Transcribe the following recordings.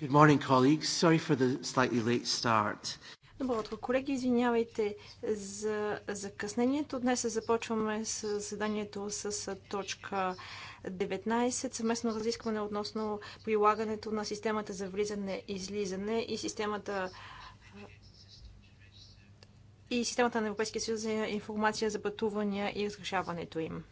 Good morning, colleagues. Sorry for the slightly late start. Добро утро, колеги. Извинявайте за закъснението. Днес започваме с заседанието с точка 19. Съвместно разискване относно прилагането на системата за влизане и излизане и системата и системата на Европейския съюз за информация за пътувания и разрешаването им.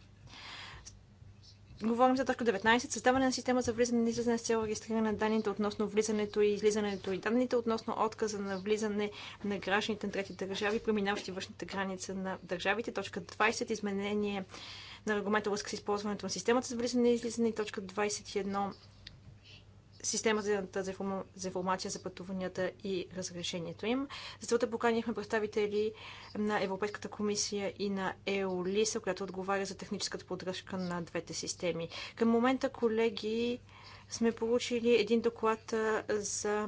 Говорим за точка 19. Създаване на система за влизане и излизане с цел регистриране на данните относно влизането и излизането и данните относно отказа на влизане на гражданите на трети държави, преминаващи външната граница на държавите. Точка 20. Изменение на регламента връзка с използването на системата за влизане и излизане. Точка 21 системата за информация за пътуванията и разрешението им. За целта поканихме представители на Европейската комисия и на EOLISA, която отговаря за техническата поддръжка на двете системи. Към момента, колеги, сме получили един доклад за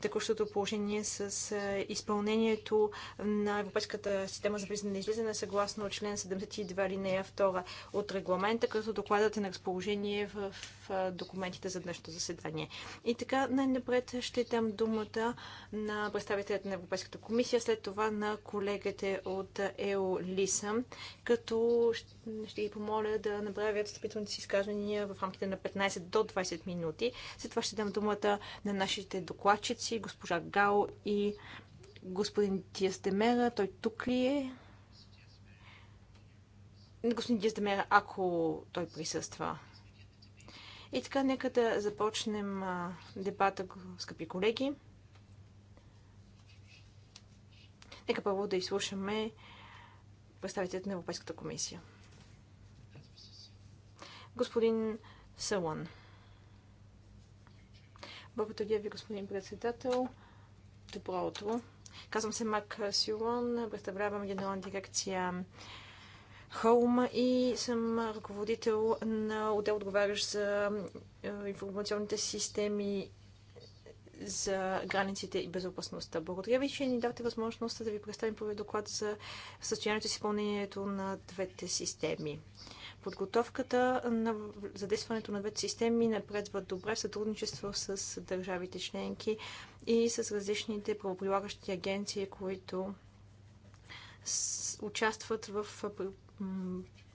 текущото положение с изпълнението на Европейската система за влизане и излизане съгласно член 72 линия 2 от регламента, като докладът е на разположение в документите за днешното заседание. И така, най-напред ще дам думата на представителят на Европейската комисия, след това на колегите от ЕО Лиса, като ще ги помоля да направят стъпителните си изказвания в рамките на 15 до 20 минути минути. След това ще дам думата на нашите докладчици, госпожа Гао и господин Диастемера. Той тук ли е? Господин Диастемера, ако той присъства. И така, нека да започнем дебата, скъпи колеги. Нека първо да изслушаме представителите на Европейската комисия. Господин Салон. Благодаря ви, господин председател. Добро утро. Казвам се Мак Силон, представлявам генерална дирекция Хоум и съм ръководител на отдел отговарящ за е, информационните системи за границите и безопасността. Благодаря ви, че ни дадете възможността да ви представим първи доклад за състоянието и изпълнението на двете системи. Подготовката на задействането на двете системи напредва добре в сътрудничество с държавите членки и с различните правоприлагащи агенции, които участват в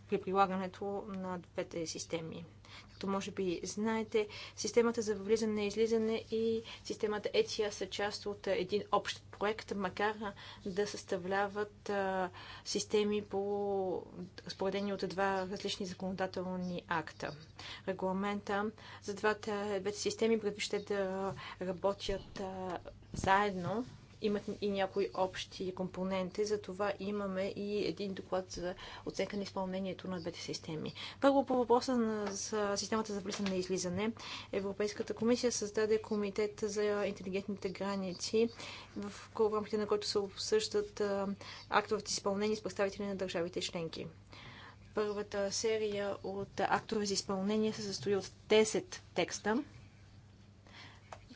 при прилагането на двете системи. Както може би знаете, системата за влизане и излизане и системата ETIA са част от един общ проект, макар да съставляват системи по споредени от два различни законодателни акта. Регламента за двата, двете системи предвижда да работят заедно имат и някои общи компоненти, затова имаме и един доклад за оценка на изпълнението на двете системи. Първо по въпроса на, за системата за влизане и излизане. Европейската комисия създаде комитет за интелигентните граници, в рамките на който се обсъждат актовете изпълнение с представители на държавите членки. Първата серия от актове за изпълнение се състои от 10 текста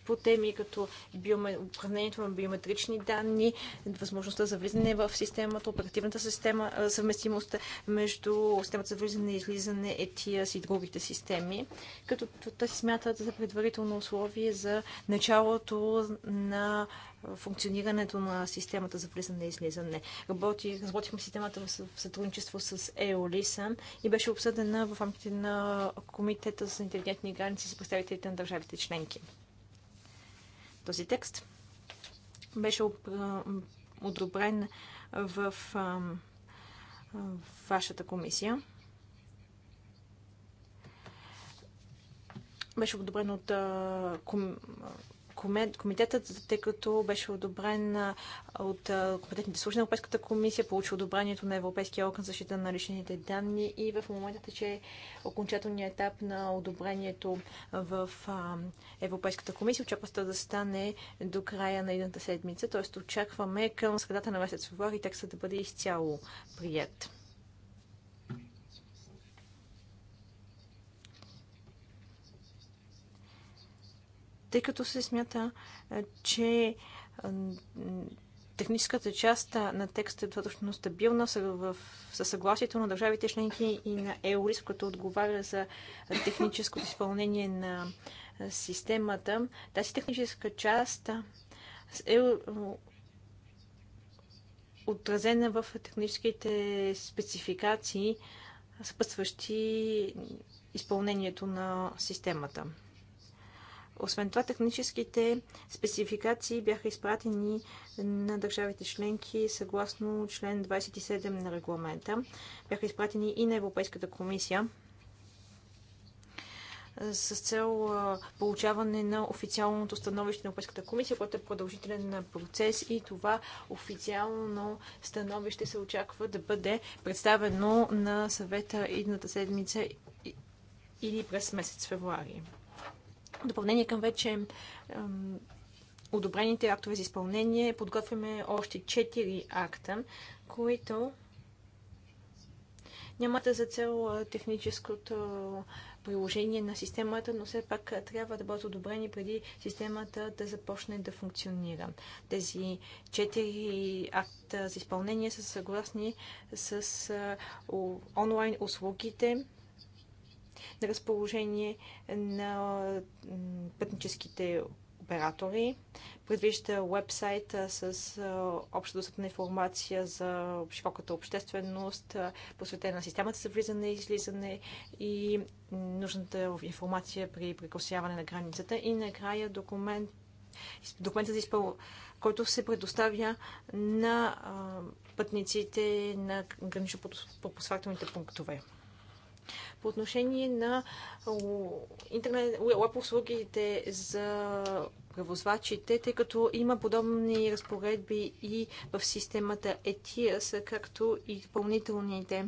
по теми като управлението на биометрични данни, възможността за влизане в системата, оперативната система, съвместимост между системата за влизане и излизане, ETIAS и другите системи, като те се смятат за предварително условие за началото на функционирането на системата за влизане и излизане. Работи, разработихме системата в сътрудничество с EOLISA и беше обсъдена в рамките на Комитета за интелигентни граници с представителите на държавите членки. Този текст беше одобрен в вашата комисия. Беше одобрен от комитетът, тъй като беше одобрен от компетентните служби на Европейската комисия, получи одобрението на Европейския орган за защита на личните данни и в момента тече окончателният етап на одобрението в Европейската комисия. Очаква се да стане до края на едната седмица, т.е. очакваме към средата на месец февруари текстът да бъде изцяло прият. тъй като се смята, че техническата част на текста е достатъчно стабилна със съгласието на държавите членки и на ЕОРИС, като отговаря за техническото изпълнение на системата. Тази техническа част е отразена в техническите спецификации, съпътстващи изпълнението на системата. Освен това, техническите спецификации бяха изпратени на държавите членки съгласно член 27 на регламента. Бяха изпратени и на Европейската комисия с цел получаване на официалното становище на Европейската комисия, което е продължителен процес и това официално становище се очаква да бъде представено на съвета идната седмица или през месец февруари допълнение към вече одобрените актове за изпълнение, подготвяме още 4 акта, които нямат за цел е, техническото е, приложение на системата, но все пак е, трябва да бъдат одобрени преди системата да започне да функционира. Тези 4 акта за изпълнение са съгласни с онлайн услугите, на разположение на пътническите оператори. Предвижда вебсайт с общо достъпна информация за широката общественост, посветена на системата за влизане и излизане и нужната информация при прекосяване на границата. И накрая документ, документът за изпъл, който се предоставя на пътниците на гранично пропускателните пунктове. По отношение на интернет, услугите за превозвачите, тъй като има подобни разпоредби и в системата ETIAS, както и допълнителните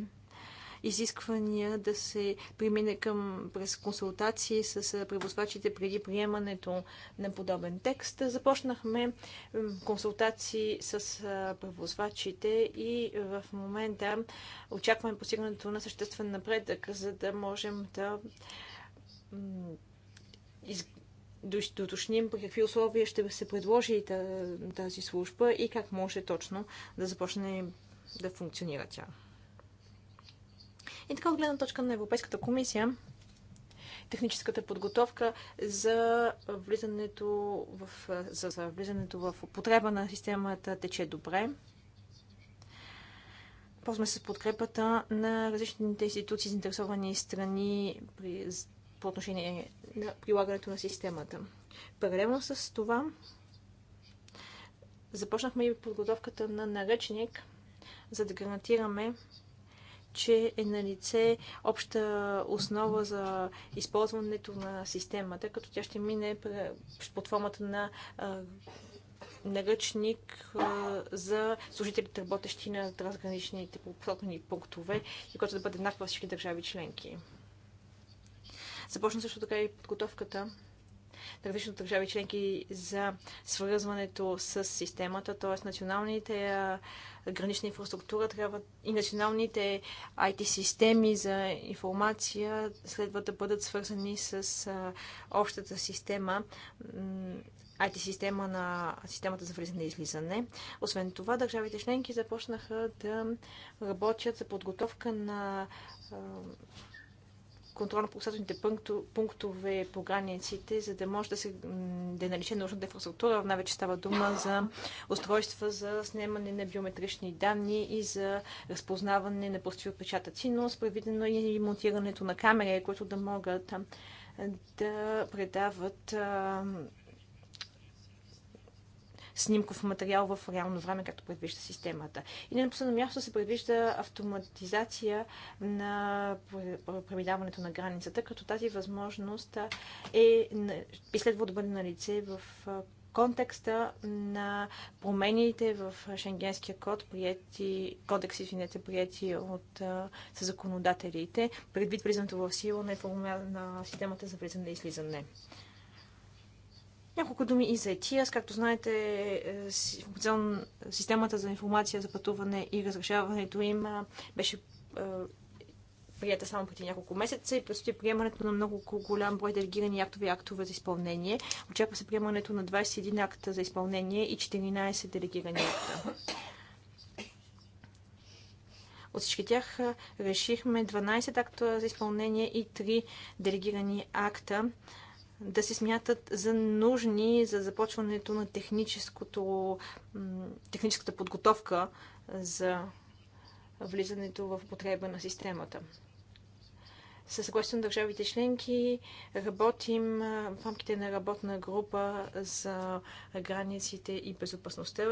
изисквания да се премине към през консултации с превозвачите преди приемането на подобен текст. Започнахме консултации с превозвачите и в момента очакваме постигането на съществен напредък, за да можем да из... при какви условия ще се предложи тази служба и как може точно да започне да функционира тя. И така от гледна точка на Европейската комисия, техническата подготовка за влизането в, за, за влизането в употреба на системата тече добре. Ползваме с подкрепата на различните институции, заинтересовани страни при, по отношение на прилагането на системата. Паралелно с това започнахме и подготовката на наръчник, за да гарантираме че е на лице обща основа за използването на системата, като тя ще мине под формата на наръчник за служителите, работещи на трансграничните пропускателни пунктове, и който да бъде еднакъв във всички държави членки. Започна също така и подготовката на различните държави членки за свързването с системата, т.е. националните гранична инфраструктура, трябва и националните IT-системи за информация следва да бъдат свързани с общата система IT-система на системата за влизане и излизане. Освен това, държавите членки започнаха да работят за подготовка на контролно-пропускателните пунктове по границите, за да може да се да е нужната инфраструктура. Най-вече става дума за устройства за снимане на биометрични данни и за разпознаване на пръстови отпечатъци, но с предвидено и монтирането на камери, които да могат да предават снимков материал в реално време, както предвижда системата. И на последно място се предвижда автоматизация на преминаването на границата, като тази възможност е, би е следвало да бъде на лице в контекста на промените в Шенгенския код, прияти, кодекс, извинете, прияти от съзаконодателите, законодателите, предвид влизането в сила на, на системата за влизане и излизане. Няколко думи и за ETIAS. Както знаете, е, системата за информация за пътуване и разрешаването им беше прията само преди няколко месеца и предстои приемането на много голям брой делегирани актове и актове за изпълнение. Очаква се приемането на 21 акта за изпълнение и 14 делегирани акта. От всички тях решихме 12 акта за изпълнение и 3 делегирани акта да се смятат за нужни за започването на техническата подготовка за влизането в потреба на системата със съгласието на държавите членки работим в рамките на работна група за границите и безопасността,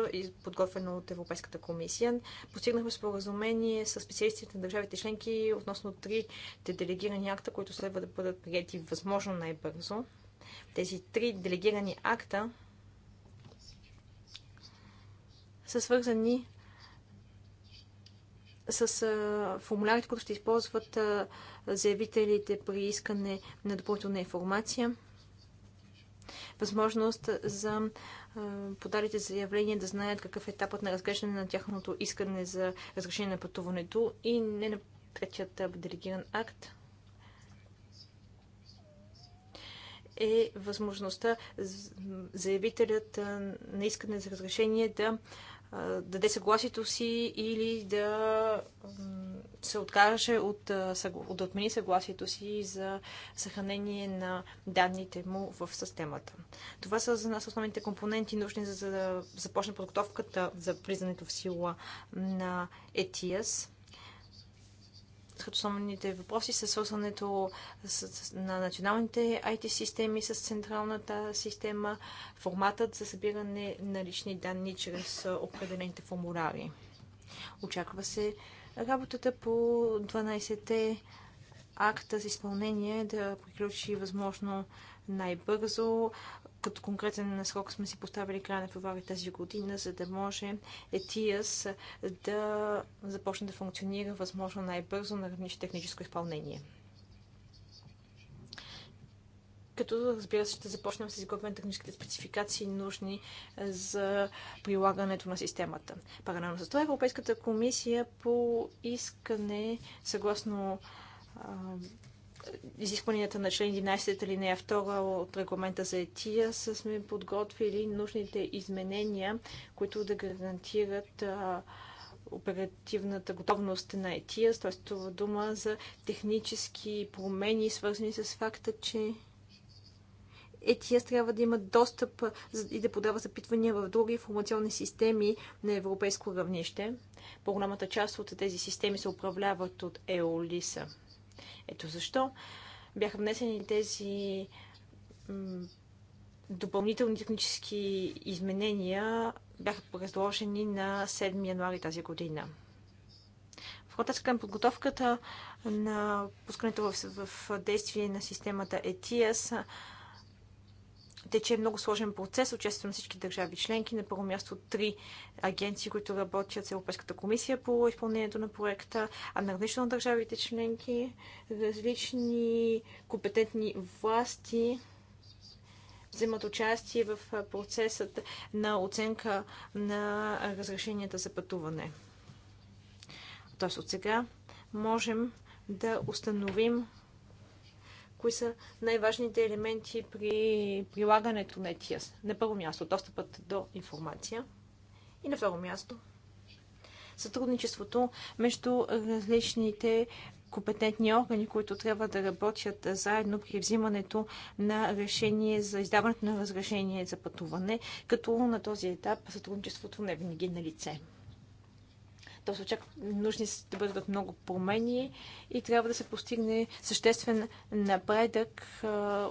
подготвена от Европейската комисия. Постигнахме споразумение с специалистите на държавите членки относно трите делегирани акта, които следва да бъдат приети възможно най-бързо. Тези три делегирани акта са свързани с формулярите, които ще използват заявителите при искане на допълнителна информация. Възможност за подалите заявление да знаят какъв е етапът на разглеждане на тяхното искане за разрешение на пътуването и не на третият делегиран акт е възможността заявителят на искане за разрешение да даде съгласието си или да се откаже от, от да отмени съгласието си за съхранение на данните му в системата. Това са за нас основните компоненти, нужни за да започне подготовката за влизането в сила на ETIAS сред основните въпроси са свързването на националните IT системи с централната система, форматът за събиране на лични данни чрез определените формуляри. Очаква се работата по 12-те акта за изпълнение да приключи възможно най-бързо като конкретен срок сме си поставили края на февруари тази година, за да може ЕТИАС да започне да функционира възможно най-бързо на равнище техническо изпълнение. Като разбира се, ще започнем с изготвяне на техническите спецификации, нужни за прилагането на системата. Паралелно с това Европейската комисия по искане, съгласно изискванията на член 11 или нея 2 от регламента за ЕТИА са сме подготвили нужните изменения, които да гарантират оперативната готовност на ЕТИАС, т.е. това дума за технически промени, свързани с факта, че ЕТИАС трябва да има достъп и да подава запитвания в други информационни системи на европейско равнище. По-голямата част от тези системи се управляват от ЕОЛИСА. Ето защо бяха внесени тези допълнителни технически изменения бяха предложени на 7 януари тази година. В контекст към подготовката на пускането в, в действие на системата ETIAS, тече е много сложен процес. Участвам на всички държави членки. На първо място три агенции, които работят с Европейската комисия по изпълнението на проекта, а на различно на държавите членки, различни компетентни власти вземат участие в процесът на оценка на разрешенията за пътуване. Тоест от сега можем да установим кои са най-важните елементи при прилагането на ETIAS. На първо място, достъпът до информация. И на второ място, сътрудничеството между различните компетентни органи, които трябва да работят заедно при взимането на решение за издаването на разрешение за пътуване, като на този етап сътрудничеството не е винаги на лице. Те се очаква нужни да бъдат много промени и трябва да се постигне съществен напредък,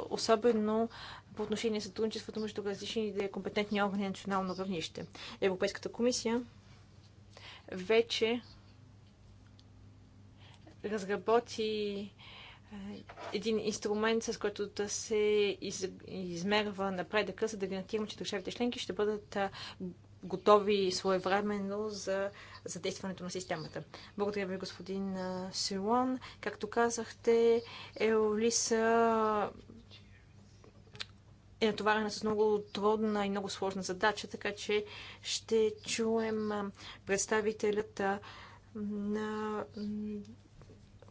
особено по отношение на сътрудничеството между различните компетентни органи на национално равнище. Европейската комисия вече разработи един инструмент, с който да се измерва напредъка, за да гарантираме, че държавите членки ще бъдат готови своевременно за задействането на системата. Благодаря ви, господин Силон. Както казахте, Еолиса е натоварена с много трудна и много сложна задача, така че ще чуем представителят на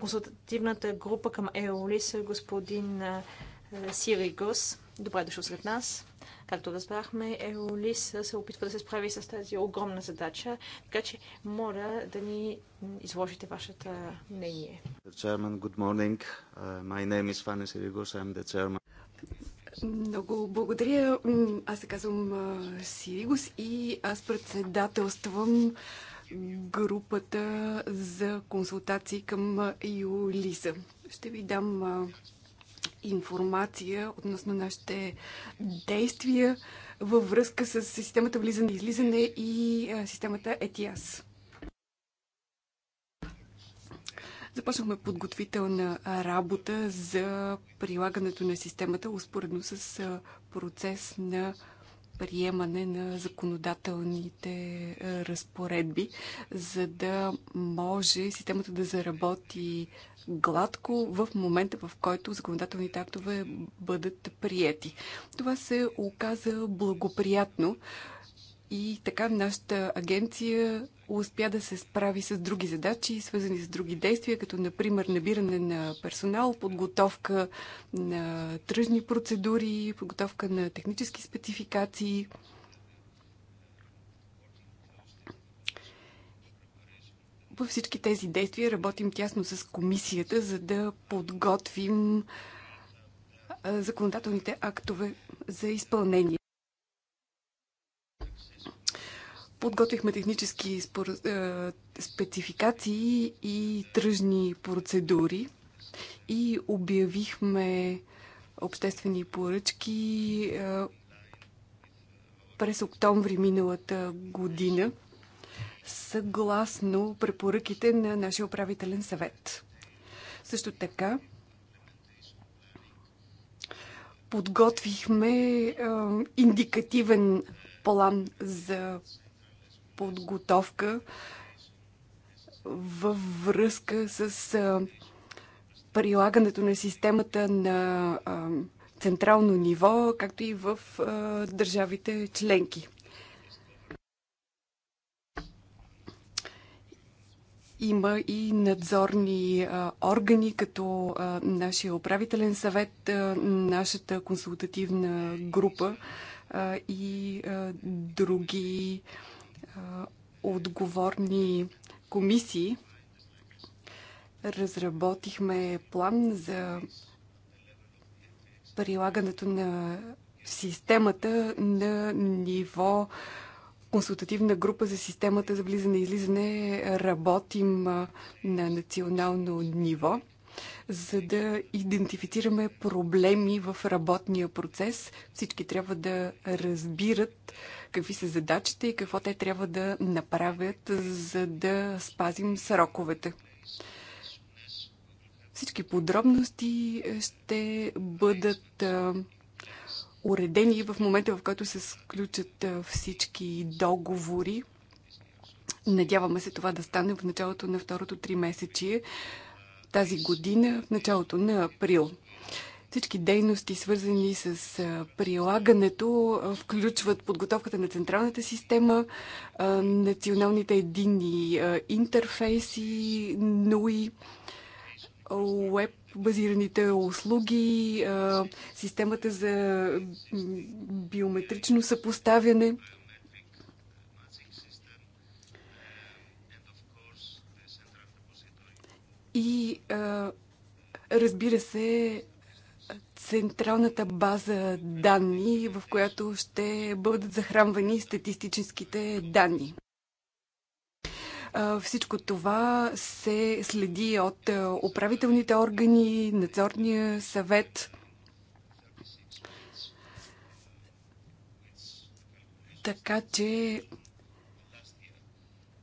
консултативната група към Еолиса, господин Сиригос. Добре дошъл сред нас. Както разбрахме, Еролис се опитва да се справи с тази огромна задача, така че моля да ни изложите вашата мнение. Uh, Много благодаря. Аз се казвам Сиригус и аз председателствам групата за консултации към Юлиса. Ще ви дам информация относно нашите действия във връзка с системата влизане и излизане и системата ETIAS. Започнахме подготвителна работа за прилагането на системата, успоредно с процес на приемане на законодателните е, разпоредби, за да може системата да заработи гладко в момента, в който законодателните актове бъдат приети. Това се оказа благоприятно, и така нашата агенция успя да се справи с други задачи, свързани с други действия, като например набиране на персонал, подготовка на тръжни процедури, подготовка на технически спецификации. Във всички тези действия работим тясно с комисията, за да подготвим законодателните актове за изпълнение. Подготвихме технически спор... Е, спецификации и тръжни процедури и обявихме обществени поръчки е, през октомври миналата година, съгласно препоръките на нашия управителен съвет. Също така, подготвихме е, индикативен план за подготовка във връзка с прилагането на системата на централно ниво, както и в държавите членки. Има и надзорни органи, като нашия управителен съвет, нашата консултативна група и други а, отговорни комисии разработихме план за прилагането на системата на ниво консултативна група за системата за влизане и излизане. Работим на национално ниво за да идентифицираме проблеми в работния процес. Всички трябва да разбират какви са задачите и какво те трябва да направят, за да спазим сроковете. Всички подробности ще бъдат уредени в момента, в който се сключат всички договори. Надяваме се това да стане в началото на второто три месечие тази година, в началото на април. Всички дейности, свързани с прилагането, включват подготовката на централната система, националните единни интерфейси, НУИ, веб базираните услуги, системата за биометрично съпоставяне, И а, разбира се, централната база данни, в която ще бъдат захранвани статистическите данни. Всичко това се следи от управителните органи, надзорния съвет. Така че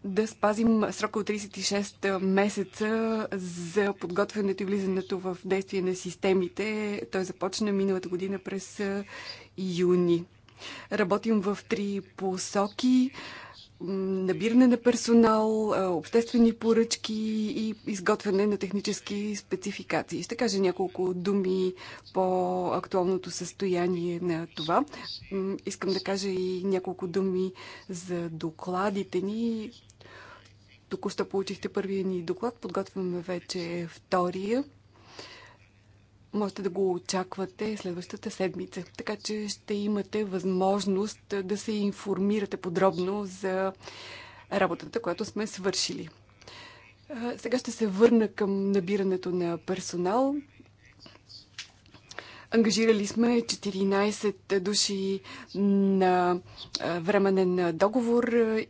да спазим срока от 36 месеца за подготвянето и влизането в действие на системите. Той започна миналата година през юни. Работим в три посоки набиране на персонал, обществени поръчки и изготвяне на технически спецификации. Ще кажа няколко думи по актуалното състояние на това. Искам да кажа и няколко думи за докладите ни, Току-що получихте първия ни доклад, подготвяме вече втория. Можете да го очаквате следващата седмица, така че ще имате възможност да се информирате подробно за работата, която сме свършили. Сега ще се върна към набирането на персонал. Ангажирали сме 14 души на временен договор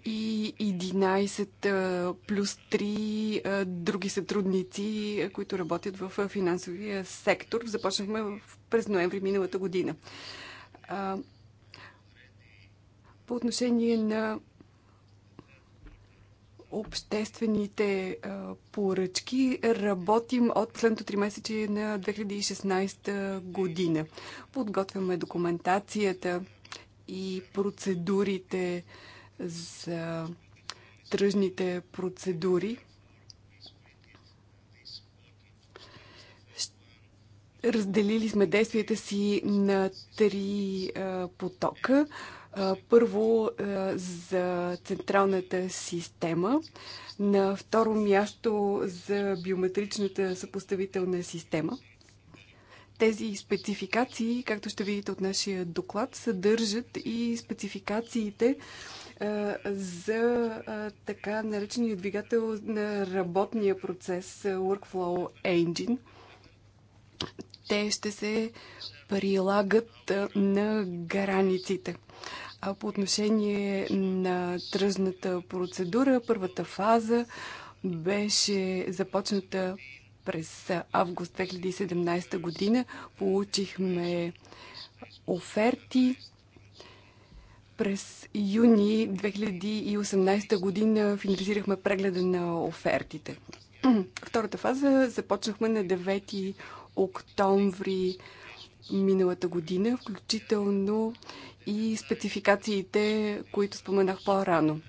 и 11 плюс 3 други сътрудници, които работят в финансовия сектор. Започнахме през ноември миналата година. По отношение на обществените поръчки работим от последното три месече на 2016 година. Подготвяме документацията и процедурите за тръжните процедури. Разделили сме действията си на три потока първо за централната система, на второ място за биометричната съпоставителна система. Тези спецификации, както ще видите от нашия доклад, съдържат и спецификациите за така наречения двигател на работния процес Workflow Engine. Те ще се прилагат на границите. А по отношение на тръжната процедура, първата фаза беше започната през август 2017 година. Получихме оферти. През юни 2018 година финализирахме прегледа на офертите. Втората фаза започнахме на 9 октомври миналата година, включително и спецификациите, които споменах по-рано.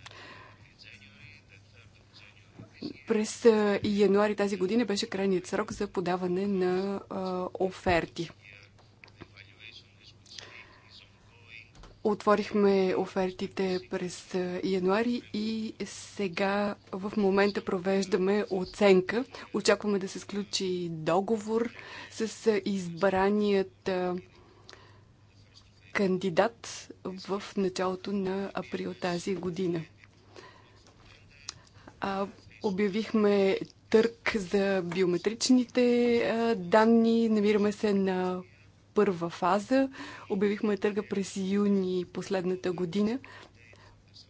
През януари тази година беше крайният срок за подаване на оферти. Отворихме офертите през януари и сега в момента провеждаме оценка. Очакваме да се сключи договор с избраният кандидат в началото на април тази година. обявихме търк за биометричните данни. Намираме се на първа фаза. Обявихме търга през юни последната година.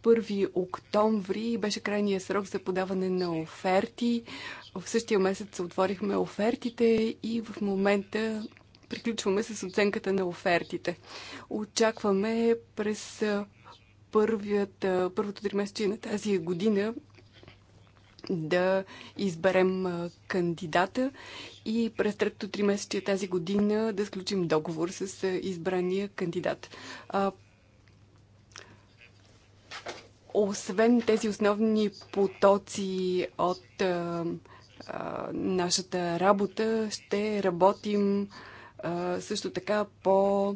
1 октомври беше крайния срок за подаване на оферти. В същия месец отворихме офертите и в момента приключваме с оценката на офертите. Очакваме през първият, първото три месече на тази година да изберем кандидата и през третото три месече тази година да сключим договор с избрания кандидат. Освен тези основни потоци от нашата работа, ще работим също така по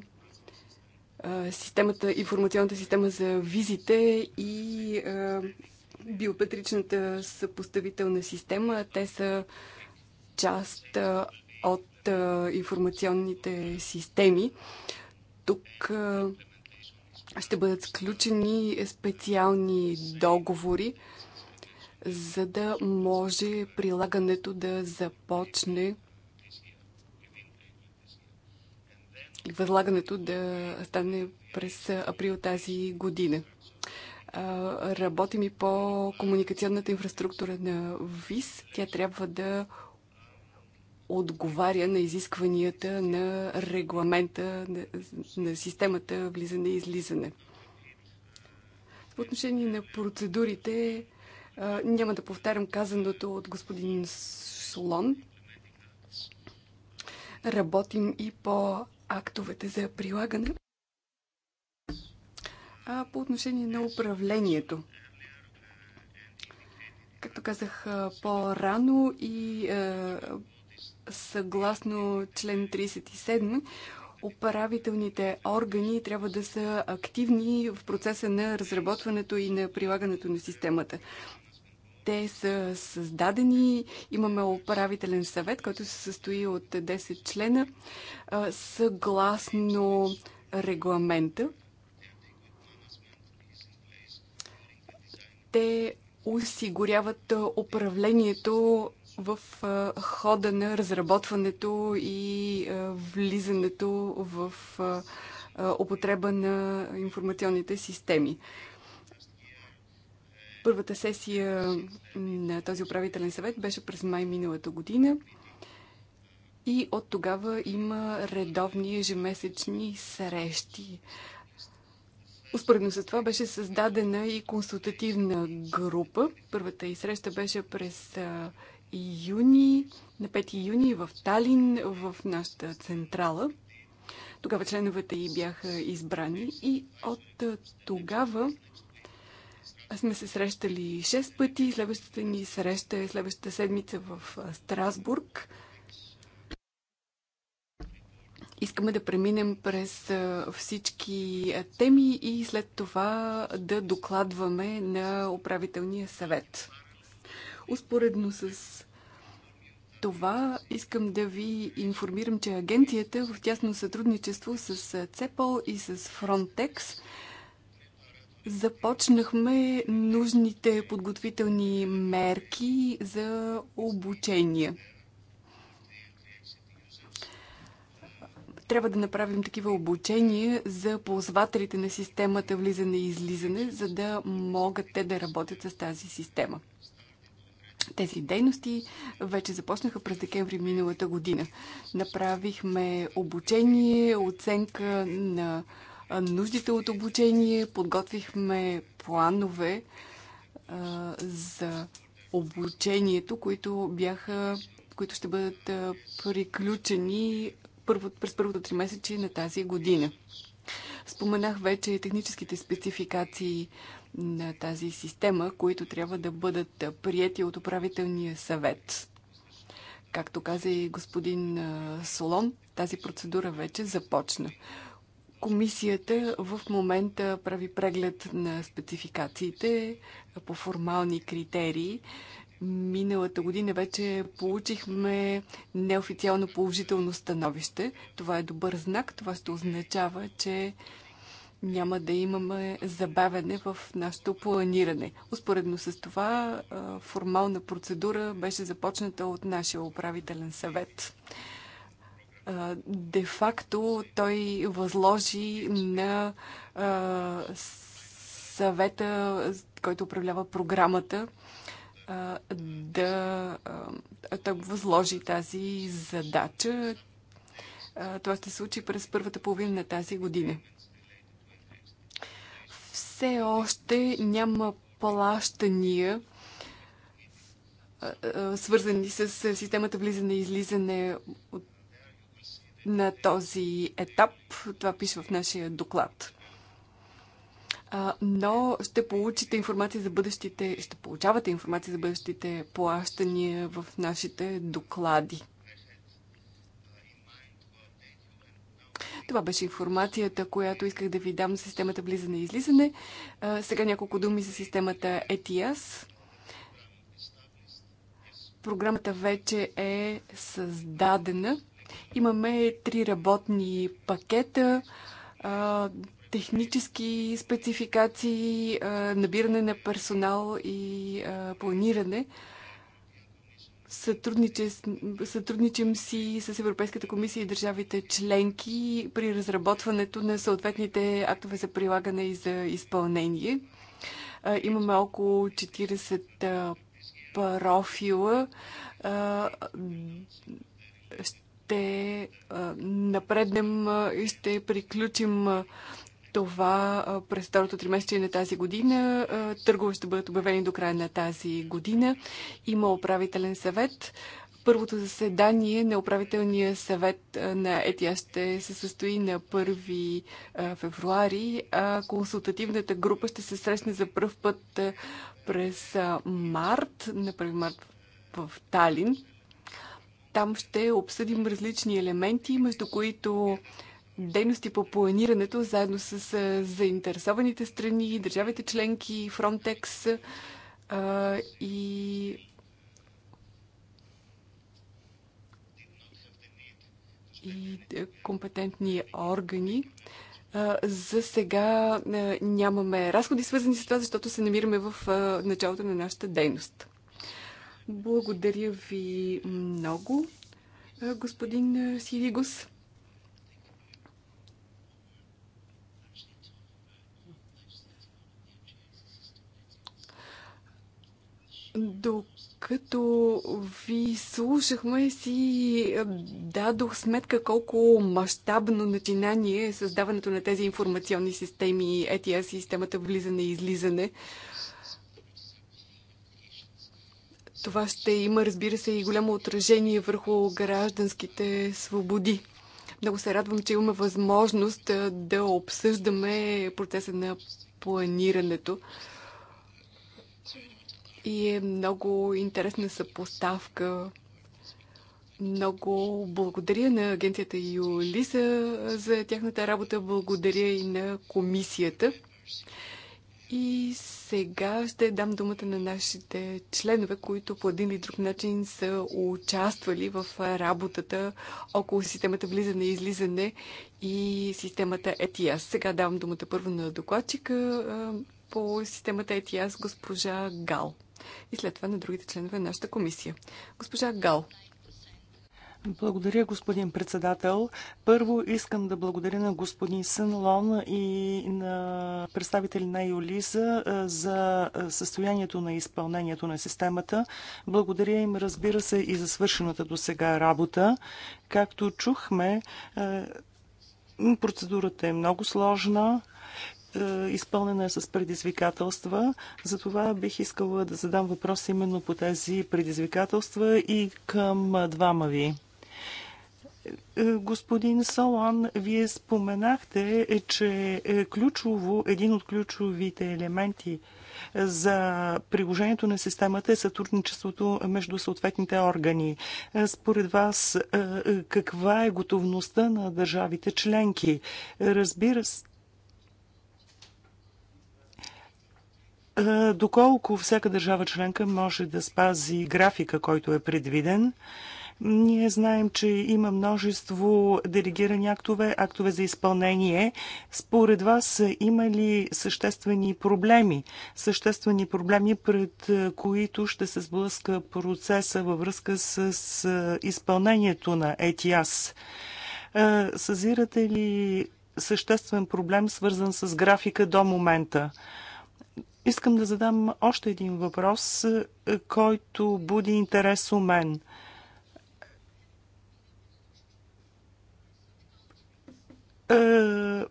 системата, информационната система за визите и биопатричната съпоставителна система. Те са част от информационните системи. Тук ще бъдат сключени специални договори, за да може прилагането да започне възлагането да стане през април тази година. Работим и по комуникационната инфраструктура на ВИС. Тя трябва да отговаря на изискванията на регламента на, на системата влизане и излизане. По отношение на процедурите, няма да повтарям казаното от господин Солон. Работим и по актовете за прилагане а по отношение на управлението. Както казах по-рано и съгласно член 37, управителните органи трябва да са активни в процеса на разработването и на прилагането на системата. Те са създадени. Имаме управителен съвет, който се състои от 10 члена, съгласно регламента. те осигуряват управлението в хода на разработването и влизането в употреба на информационните системи. Първата сесия на този управителен съвет беше през май миналата година и от тогава има редовни ежемесечни срещи. Успоредно с това беше създадена и консултативна група. Първата и среща беше през юни, на 5 юни в Талин, в нашата централа. Тогава членовете й бяха избрани и от тогава сме се срещали 6 пъти. Следващата ни среща е следващата седмица в Страсбург Искаме да преминем през всички теми и след това да докладваме на управителния съвет. Успоредно с това искам да ви информирам, че агенцията в тясно сътрудничество с ЦЕПОЛ и с Фронтекс започнахме нужните подготвителни мерки за обучение. трябва да направим такива обучения за ползвателите на системата влизане и излизане, за да могат те да работят с тази система. Тези дейности вече започнаха през декември миналата година. Направихме обучение, оценка на нуждите от обучение, подготвихме планове а, за обучението, които бяха които ще бъдат приключени първо, през първото три месече на тази година. Споменах вече техническите спецификации на тази система, които трябва да бъдат прияти от управителния съвет. Както каза и господин Солон, тази процедура вече започна. Комисията в момента прави преглед на спецификациите по формални критерии Миналата година вече получихме неофициално положително становище. Това е добър знак. Това ще означава, че няма да имаме забавяне в нашето планиране. Успоредно с това, формална процедура беше започната от нашия управителен съвет. Де-факто той възложи на съвета, който управлява програмата, да възложи тази задача. Това ще се случи през първата половина на тази година. Все още няма плащания свързани с системата влизане и излизане от, на този етап. Това пише в нашия доклад но ще получите информация за бъдещите, ще получавате информация за бъдещите плащания в нашите доклади. Това беше информацията, която исках да ви дам за системата влизане и излизане. Сега няколко думи за системата ETIAS. Програмата вече е създадена. Имаме три работни пакета технически спецификации, набиране на персонал и планиране. Сътрудничим си с Европейската комисия и държавите членки при разработването на съответните актове за прилагане и за изпълнение. Имаме около 40 профила. Ще напреднем и ще приключим това през второто три на тази година. Търгове ще бъдат обявени до края на тази година. Има управителен съвет. Първото заседание на управителния съвет на ЕТИА ще се състои на 1 февруари, консултативната група ще се срещне за първ път през март, на 1 март в Талин. Там ще обсъдим различни елементи, между които дейности по планирането заедно с заинтересованите страни, държавите членки, Фронтекс и и компетентни органи. За сега нямаме разходи свързани с това, защото се намираме в началото на нашата дейност. Благодаря ви много, господин Сиригус. Докато ви слушахме си, дадох сметка колко мащабно начинание е създаването на тези информационни системи, ETS, системата влизане и излизане. Това ще има, разбира се, и голямо отражение върху гражданските свободи. Много се радвам, че имаме възможност да обсъждаме процеса на планирането и е много интересна съпоставка. Много благодаря на агенцията Юлиса за тяхната работа, благодаря и на комисията. И сега ще дам думата на нашите членове, които по един или друг начин са участвали в работата около системата влизане и излизане и системата ETIAS. Сега давам думата първо на докладчика по системата ETIAS, госпожа Гал и след това на другите членове на нашата комисия. Госпожа Гал. Благодаря, господин председател. Първо искам да благодаря на господин Сънлон и на представители на Юлиза за състоянието на изпълнението на системата. Благодаря им, разбира се, и за свършената до сега работа. Както чухме, процедурата е много сложна е, изпълнена е с предизвикателства. Затова бих искала да задам въпрос именно по тези предизвикателства и към двама ви. Е, господин Солан, вие споменахте, е, че ключово, един от ключовите елементи за приложението на системата е сътрудничеството между съответните органи. Според вас, каква е готовността на държавите членки? Разбира се, Е, доколко всяка държава членка може да спази графика, който е предвиден, ние знаем, че има множество делегирани актове, актове за изпълнение. Според вас има ли съществени проблеми? Съществени проблеми, пред е, които ще се сблъска процеса във връзка с е, изпълнението на ЕТИАС? Съзирате ли съществен проблем, свързан с графика до момента? Искам да задам още един въпрос, е, който буди интерес у мен. Е,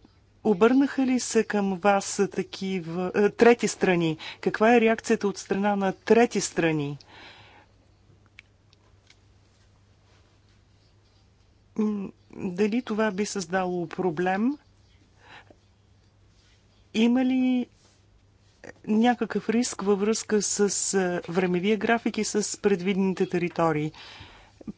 обърнаха ли се към вас такива е, трети страни? Каква е реакцията от страна на трети страни? Дали това би създало проблем? Има ли някакъв риск във връзка с времевия график и с предвидените територии.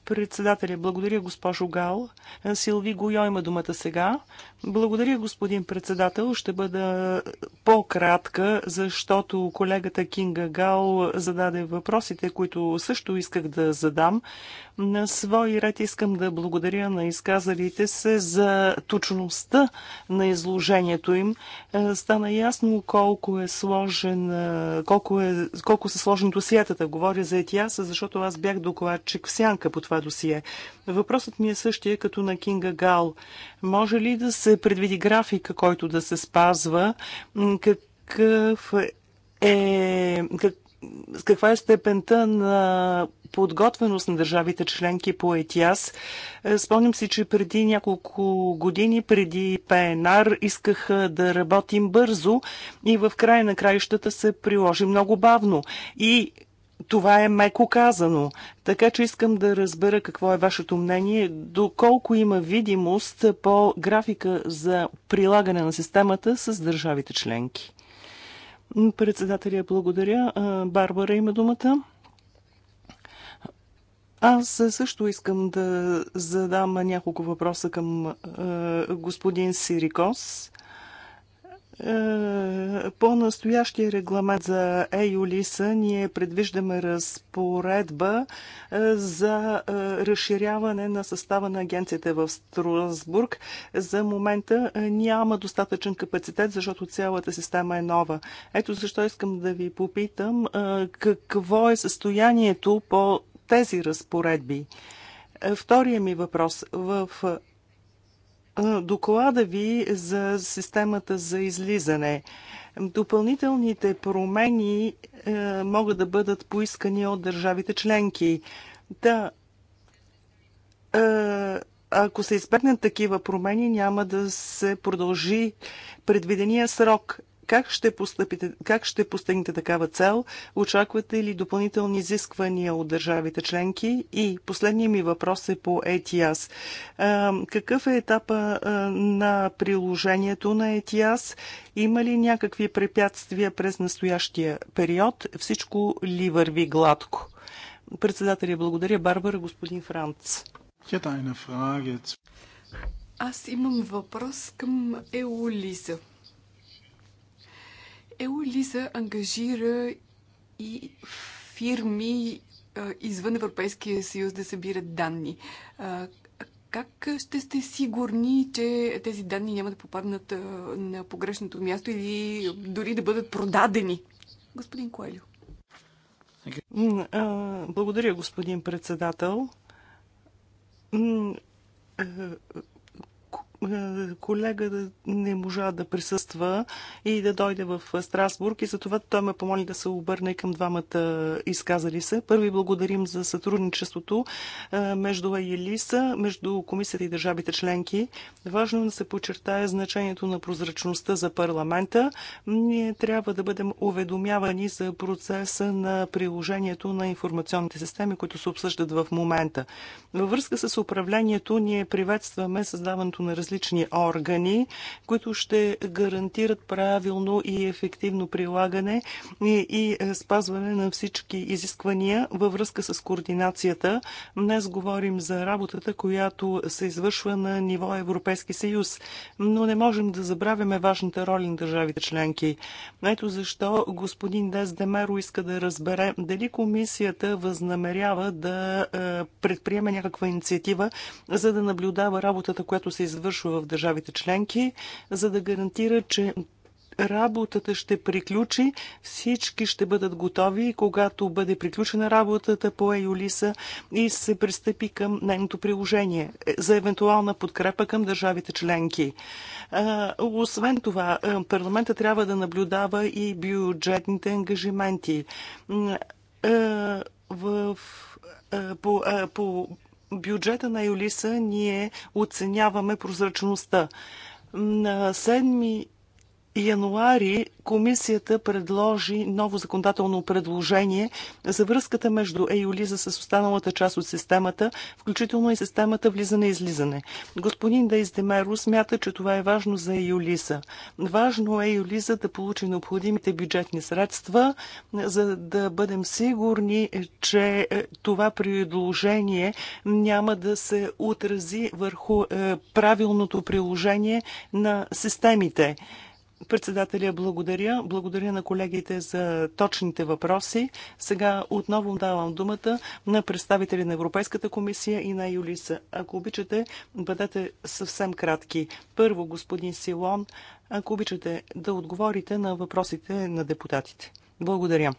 Председателя, благодаря госпожо Гал. Силви Гойо има думата сега. Благодаря господин председател. Ще бъда по-кратка, защото колегата Кинга Гал зададе въпросите, които също исках да задам. На свой ред искам да благодаря на изказалите се за точността на изложението им. Е, стана ясно колко е сложен, е, колко, е, колко са сложни досиетата. Говоря за етиаса, защото аз бях докладчик в Сянка по това досие. Въпросът ми е същия като на Кинга Гал. Може ли да се предвиди графика, който да се спазва? Какъв е... Как каква е степента на подготвеност на държавите членки по ЕТИАС. Е, спомням си, че преди няколко години, преди ПНР, искаха да работим бързо и в края на краищата се приложи много бавно. И това е меко казано, така че искам да разбера какво е вашето мнение, доколко има видимост по графика за прилагане на системата с държавите членки. Председателя, благодаря. Барбара има думата. Аз също искам да задам няколко въпроса към господин Сирикос. Е, по настоящия регламент за ЕЮЛИСа ние предвиждаме разпоредба е, за е, разширяване на състава на агенцията в Страсбург. За момента няма достатъчен капацитет, защото цялата система е нова. Ето защо искам да ви попитам какво е състоянието по тези разпоредби. Втория ми въпрос. В доклада ви за системата за излизане. Допълнителните промени е, могат да бъдат поискани от държавите членки. Да, е, ако се избегнат такива промени, няма да се продължи предвидения срок. Как ще, постъпите, как ще постигнете такава цел? Очаквате ли допълнителни изисквания от държавите членки? И последният ми въпрос е по ETIAS. Какъв е етапа на приложението на ETIAS? Има ли някакви препятствия през настоящия период? Всичко ли върви гладко? Председателя, благодаря. Барбара, господин Франц. Аз имам въпрос към Еолиза. Еолиза ангажира и фирми извън Европейския съюз да събират данни. Как ще сте сигурни, че тези данни няма да попаднат на погрешното място или дори да бъдат продадени? Господин Коелю. Благодаря, господин председател. Е, колега не можа да присъства и да дойде в Страсбург и затова той ме помоли да се обърне към двамата изказали се. Първи благодарим за сътрудничеството е, между ЕЛИСА, между комисията и държавите членки. Важно е да се подчертае значението на прозрачността за парламента. Ние трябва да бъдем уведомявани за процеса на приложението на информационните системи, които се обсъждат в момента. Във връзка с управлението ние приветстваме създаването на различни различни органи, които ще гарантират правилно и ефективно прилагане и, и е, спазване на всички изисквания във връзка с координацията. Днес говорим за работата, която се извършва на ниво Европейски съюз, но не можем да забравяме важната роля на държавите членки. Ето защо господин Дес Демеро иска да разбере дали комисията възнамерява да е, предприеме някаква инициатива, за да наблюдава работата, която се извършва случва в държавите членки, за да гарантира, че работата ще приключи, всички ще бъдат готови, когато бъде приключена работата по Еюлиса и се пристъпи към нейното приложение за евентуална подкрепа към държавите членки. Освен това, парламента трябва да наблюдава и бюджетните ангажименти. В по, по бюджета на Юлиса ние оценяваме прозрачността. На 7 януари комисията предложи ново законодателно предложение за връзката между Еюлиза с останалата част от системата, включително и системата влизане-излизане. Господин Дейс Демеро смята, че това е важно за Еолиза. Важно е Еолиза да получи необходимите бюджетни средства, за да бъдем сигурни, че е, това предложение няма да се отрази върху е, правилното приложение на системите. Председателя, благодаря. Благодаря на колегите за точните въпроси. Сега отново давам думата на представители на Европейската комисия и на Юлиса. Ако обичате, бъдете съвсем кратки. Първо, господин Силон, ако обичате да отговорите на въпросите на депутатите. Благодаря.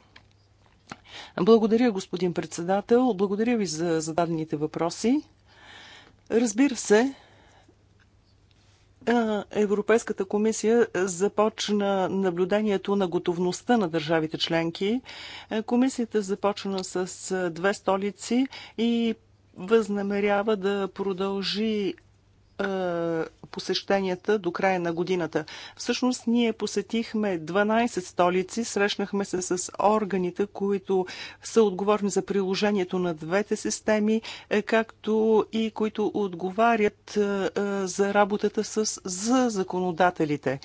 Благодаря, господин председател. Благодаря ви за зададените въпроси. Разбира се, Европейската комисия е, започна наблюдението на готовността на държавите членки. Е, комисията започна с е, две столици и възнамерява да продължи е, посещенията до края на годината. Всъщност ние посетихме 12 столици, срещнахме се с органите, които са отговорни за приложението на двете системи, е, както и които отговарят е, за работата с за законодателите.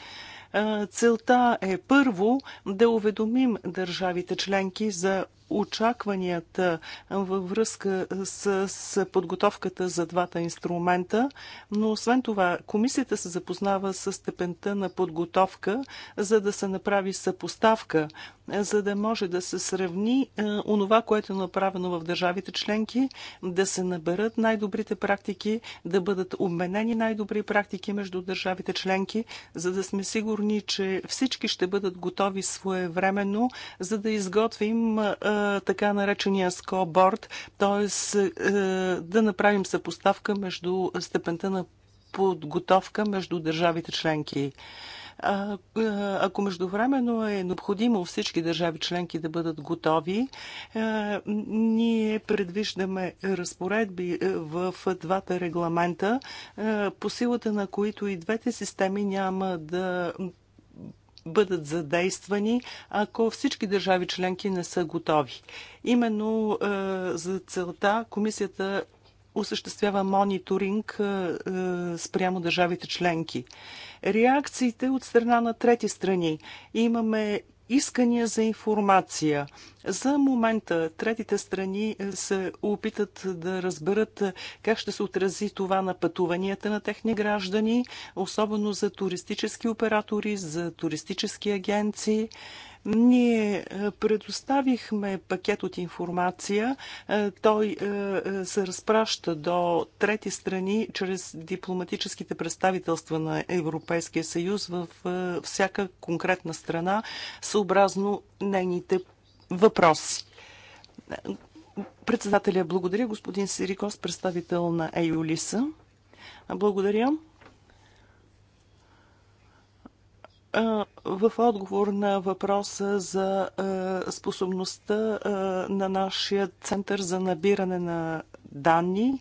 Целта е първо да уведомим държавите членки за очакванията във връзка с, с подготовката за двата инструмента, но освен това комисията се запознава с степента на подготовка, за да се направи съпоставка, за да може да се сравни е, онова, което е направено в държавите членки, да се наберат най-добрите практики, да бъдат обменени най-добри практики между държавите членки, за да сме сигурни, че всички ще бъдат готови своевременно, за да изготвим е, така наречения скоборд, т.е. Е, да направим съпоставка между степента на подготовка между държавите членки. А, е, ако междувременно е необходимо всички държави членки да бъдат готови, а, е, ние предвиждаме разпоредби в двата регламента, а, по силата на които и двете системи няма да бъдат задействани, ако всички държави членки не са готови. Именно е, за целта комисията осъществява мониторинг е, е спрямо държавите членки. Реакциите от страна на трети страни. Имаме искания за информация. За момента третите страни е, се опитат да разберат е, как ще се отрази това на пътуванията на техни граждани, особено за туристически оператори, за туристически агенции. Ние е, предоставихме пакет от информация. Е, той е, се разпраща до трети страни чрез дипломатическите представителства на Европейския съюз в всяка конкретна страна, съобразно нейните въпроси. Председателя благодаря, господин Сирикос, представител на Ейолиса. Благодаря. В отговор на въпроса за способността на нашия център за набиране на данни,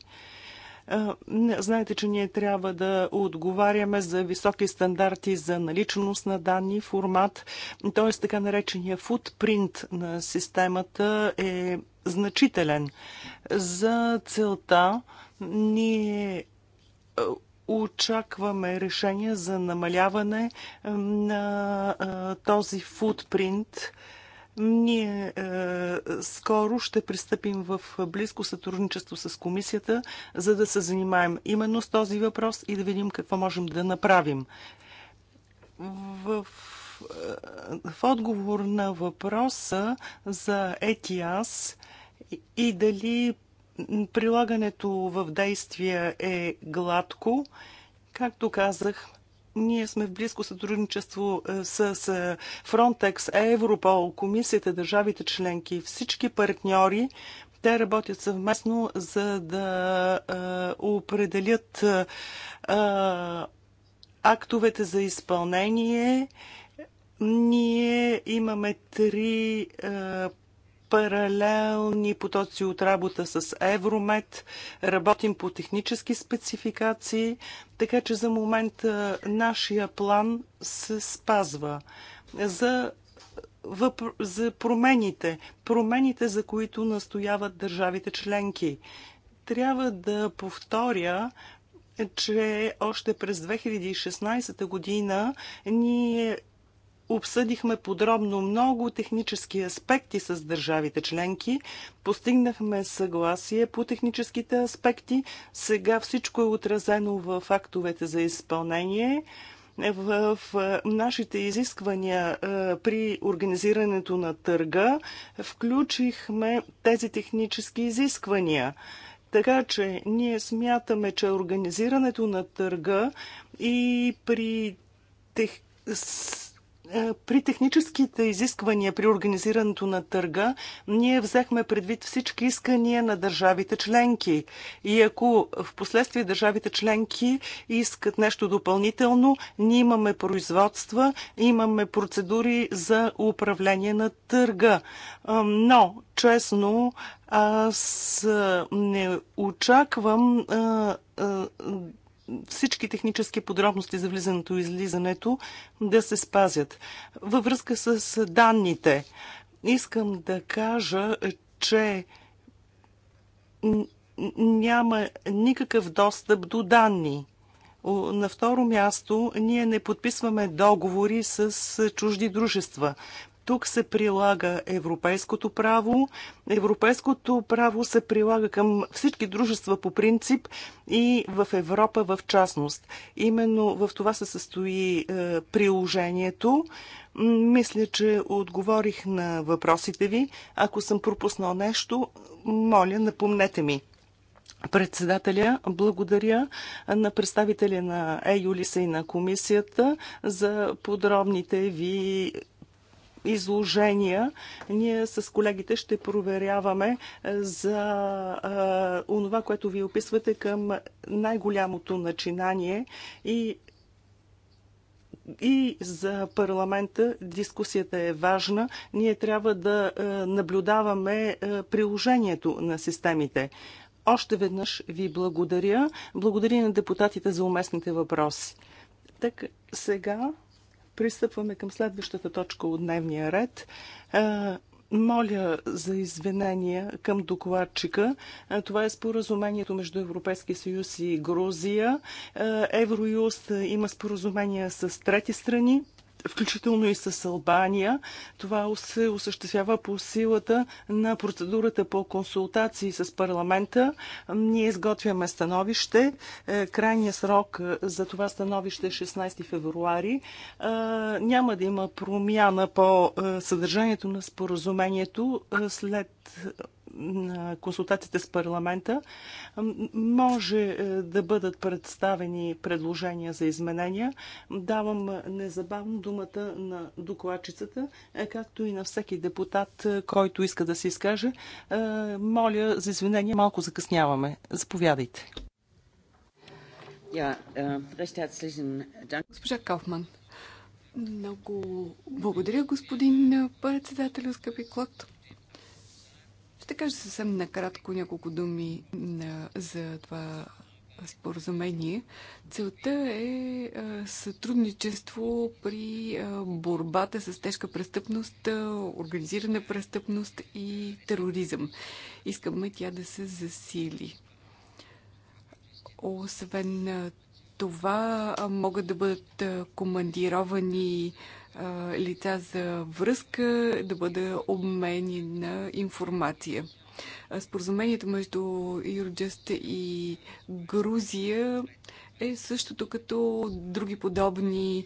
Знаете, че ние трябва да отговаряме за високи стандарти за наличност на данни, формат, т.е. така наречения футпринт на системата е значителен. За целта ние очакваме решение за намаляване на този футпринт. Ние е, скоро ще пристъпим в близко сътрудничество с комисията, за да се занимаем именно с този въпрос и да видим какво можем да направим. В, е, в отговор на въпроса за ЕТИАС и дали Прилагането в действие е гладко. Както казах, ние сме в близко сътрудничество е, с Frontex, Европол, комисията, държавите членки, всички партньори. Те работят съвместно, за да е, определят е, актовете за изпълнение. Ние имаме три а, паралелни потоци от работа с Евромет, работим по технически спецификации, така че за момента нашия план се спазва. За въп... за промените, промените, за които настояват държавите членки. Трябва да повторя, че още през 2016 година ние Обсъдихме подробно много технически аспекти с държавите членки, постигнахме съгласие по техническите аспекти, сега всичко е отразено в актовете за изпълнение в нашите изисквания е, при организирането на търга включихме тези технически изисквания. Така че ние смятаме, че организирането на търга и при тех... Е, при техническите изисквания при организирането на търга, ние взехме предвид всички искания на държавите членки. И ако в последствие държавите членки искат нещо допълнително, ние имаме производства, имаме процедури за управление на търга. Е, но, честно, аз не очаквам е, всички технически подробности за влизането и излизането да се спазят. Във връзка с данните, искам да кажа, че няма никакъв достъп до данни. На второ място, ние не подписваме договори с чужди дружества. Тук се прилага европейското право. Европейското право се прилага към всички дружества по принцип и в Европа в частност. Именно в това се състои е, приложението. Мисля, че отговорих на въпросите ви. Ако съм пропуснал нещо, моля, напомнете ми. Председателя, благодаря на представителя на ЕЮЛИСа и на комисията за подробните ви изложения. Ние с колегите ще проверяваме е, за това, е, онова, което ви описвате към най-голямото начинание и и за парламента дискусията е важна. Ние трябва да е, наблюдаваме приложението на системите. Още веднъж ви благодаря. Благодаря на депутатите за уместните въпроси. Така сега Пристъпваме към следващата точка от дневния ред. Моля за извинения към докладчика. Това е споразумението между Европейския съюз и Грузия. Евроюст има споразумения с трети страни включително и с Албания. Това се осъществява по силата на процедурата по консултации с парламента. Ние изготвяме становище. Е, крайният срок е, за това становище е 16 февруари. Е, няма да има промяна по съдържанието на споразумението след на консултациите с парламента може е, да бъдат представени предложения за изменения. Давам е, незабавно думата на докладчицата, е, както и на всеки депутат, който иска да се изкаже. Моля за извинение, малко закъсняваме. Заповядайте. Госпожа Кауфман, много благодаря, господин председател, скъпи Клод. Ще кажа съвсем накратко няколко думи на, за това споразумение. Целта е сътрудничество при борбата с тежка престъпност, организирана престъпност и тероризъм. Искаме тя да се засили. Освен това, могат да бъдат командировани лица за връзка, да бъде на информация. Споразумението между Юрджест и Грузия е същото като други подобни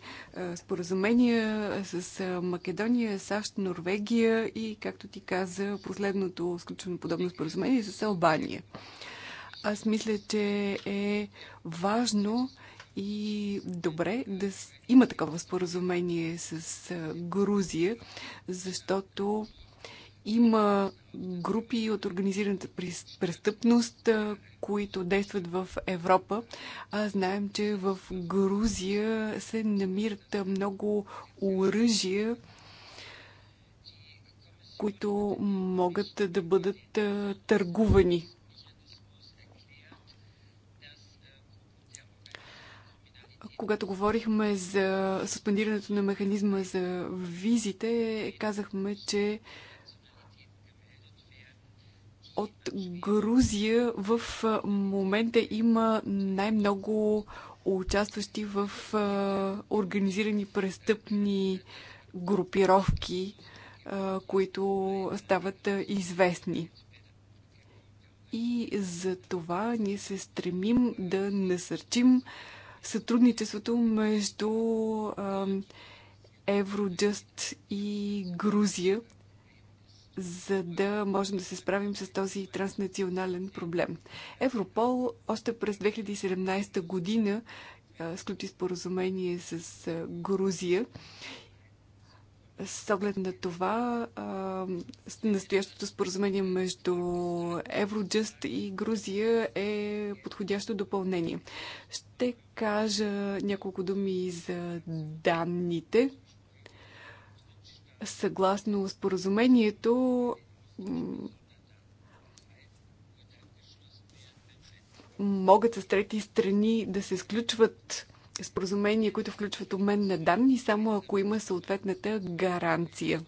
споразумения с Македония, САЩ, Норвегия и, както ти каза, последното сключено подобно споразумение с Албания. Аз мисля, че е важно и добре да има такова споразумение с Грузия, защото има групи от организираната престъпност, които действат в Европа. А знаем, че в Грузия се намират много оръжия, които могат да бъдат търгувани когато говорихме за суспендирането на механизма за визите, казахме, че от Грузия в момента има най-много участващи в организирани престъпни групировки, които стават известни. И за това ние се стремим да насърчим сътрудничеството между Евроджъст и Грузия, за да можем да се справим с този транснационален проблем. Европол още през 2017 година сключи споразумение с Грузия с оглед на това, настоящото споразумение между Евроджъст и Грузия е подходящо допълнение. Ще кажа няколко думи за данните. Съгласно споразумението, могат с трети страни да се сключват споразумения, които включват обмен на данни, само ако има съответната гаранция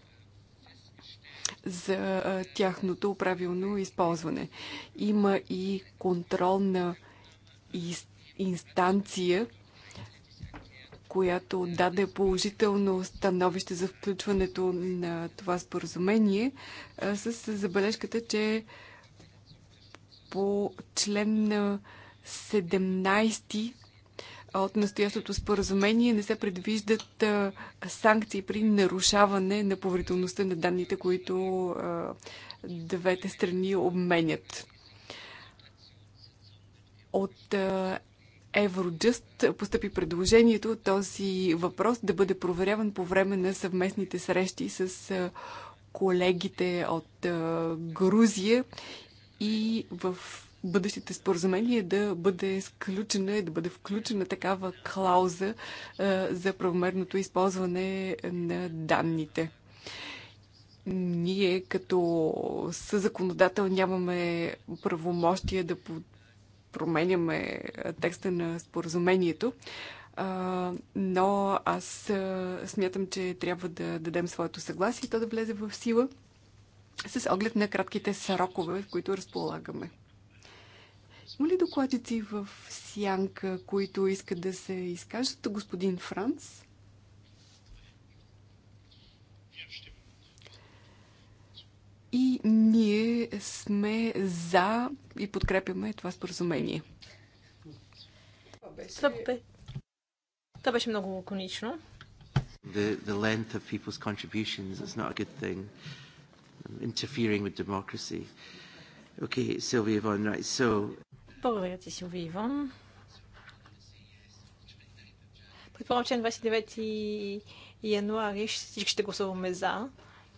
за тяхното правилно използване. Има и контролна инстанция, която даде положително становище за включването на това споразумение с забележката, че по член на 17 от настоящото споразумение не се предвиждат санкции при нарушаване на поверителността на данните, които двете страни обменят. От Евроджъст постъпи предложението този въпрос да бъде проверяван по време на съвместните срещи с колегите от Грузия и в бъдещите споразумения да бъде сключена и да бъде включена такава клауза а, за правомерното използване на данните. Ние като съзаконодател нямаме правомощия да променяме текста на споразумението, а, но аз а, смятам, че трябва да дадем своето съгласие и то да влезе в сила с оглед на кратките срокове, в които разполагаме. Има ли докладчици в Сянка, които искат да се изкажат? Господин Франц? И ние сме за и подкрепяме това споразумение. Това беше, това това беше много лаконично. The, the length of people's contributions is not a good thing. Um, interfering with democracy. Uh, Okay, Sylvie Vaughan, right, so... Благодаря ти, Силви Иван. Предполагам, че на 29 януари всички ще гласуваме за.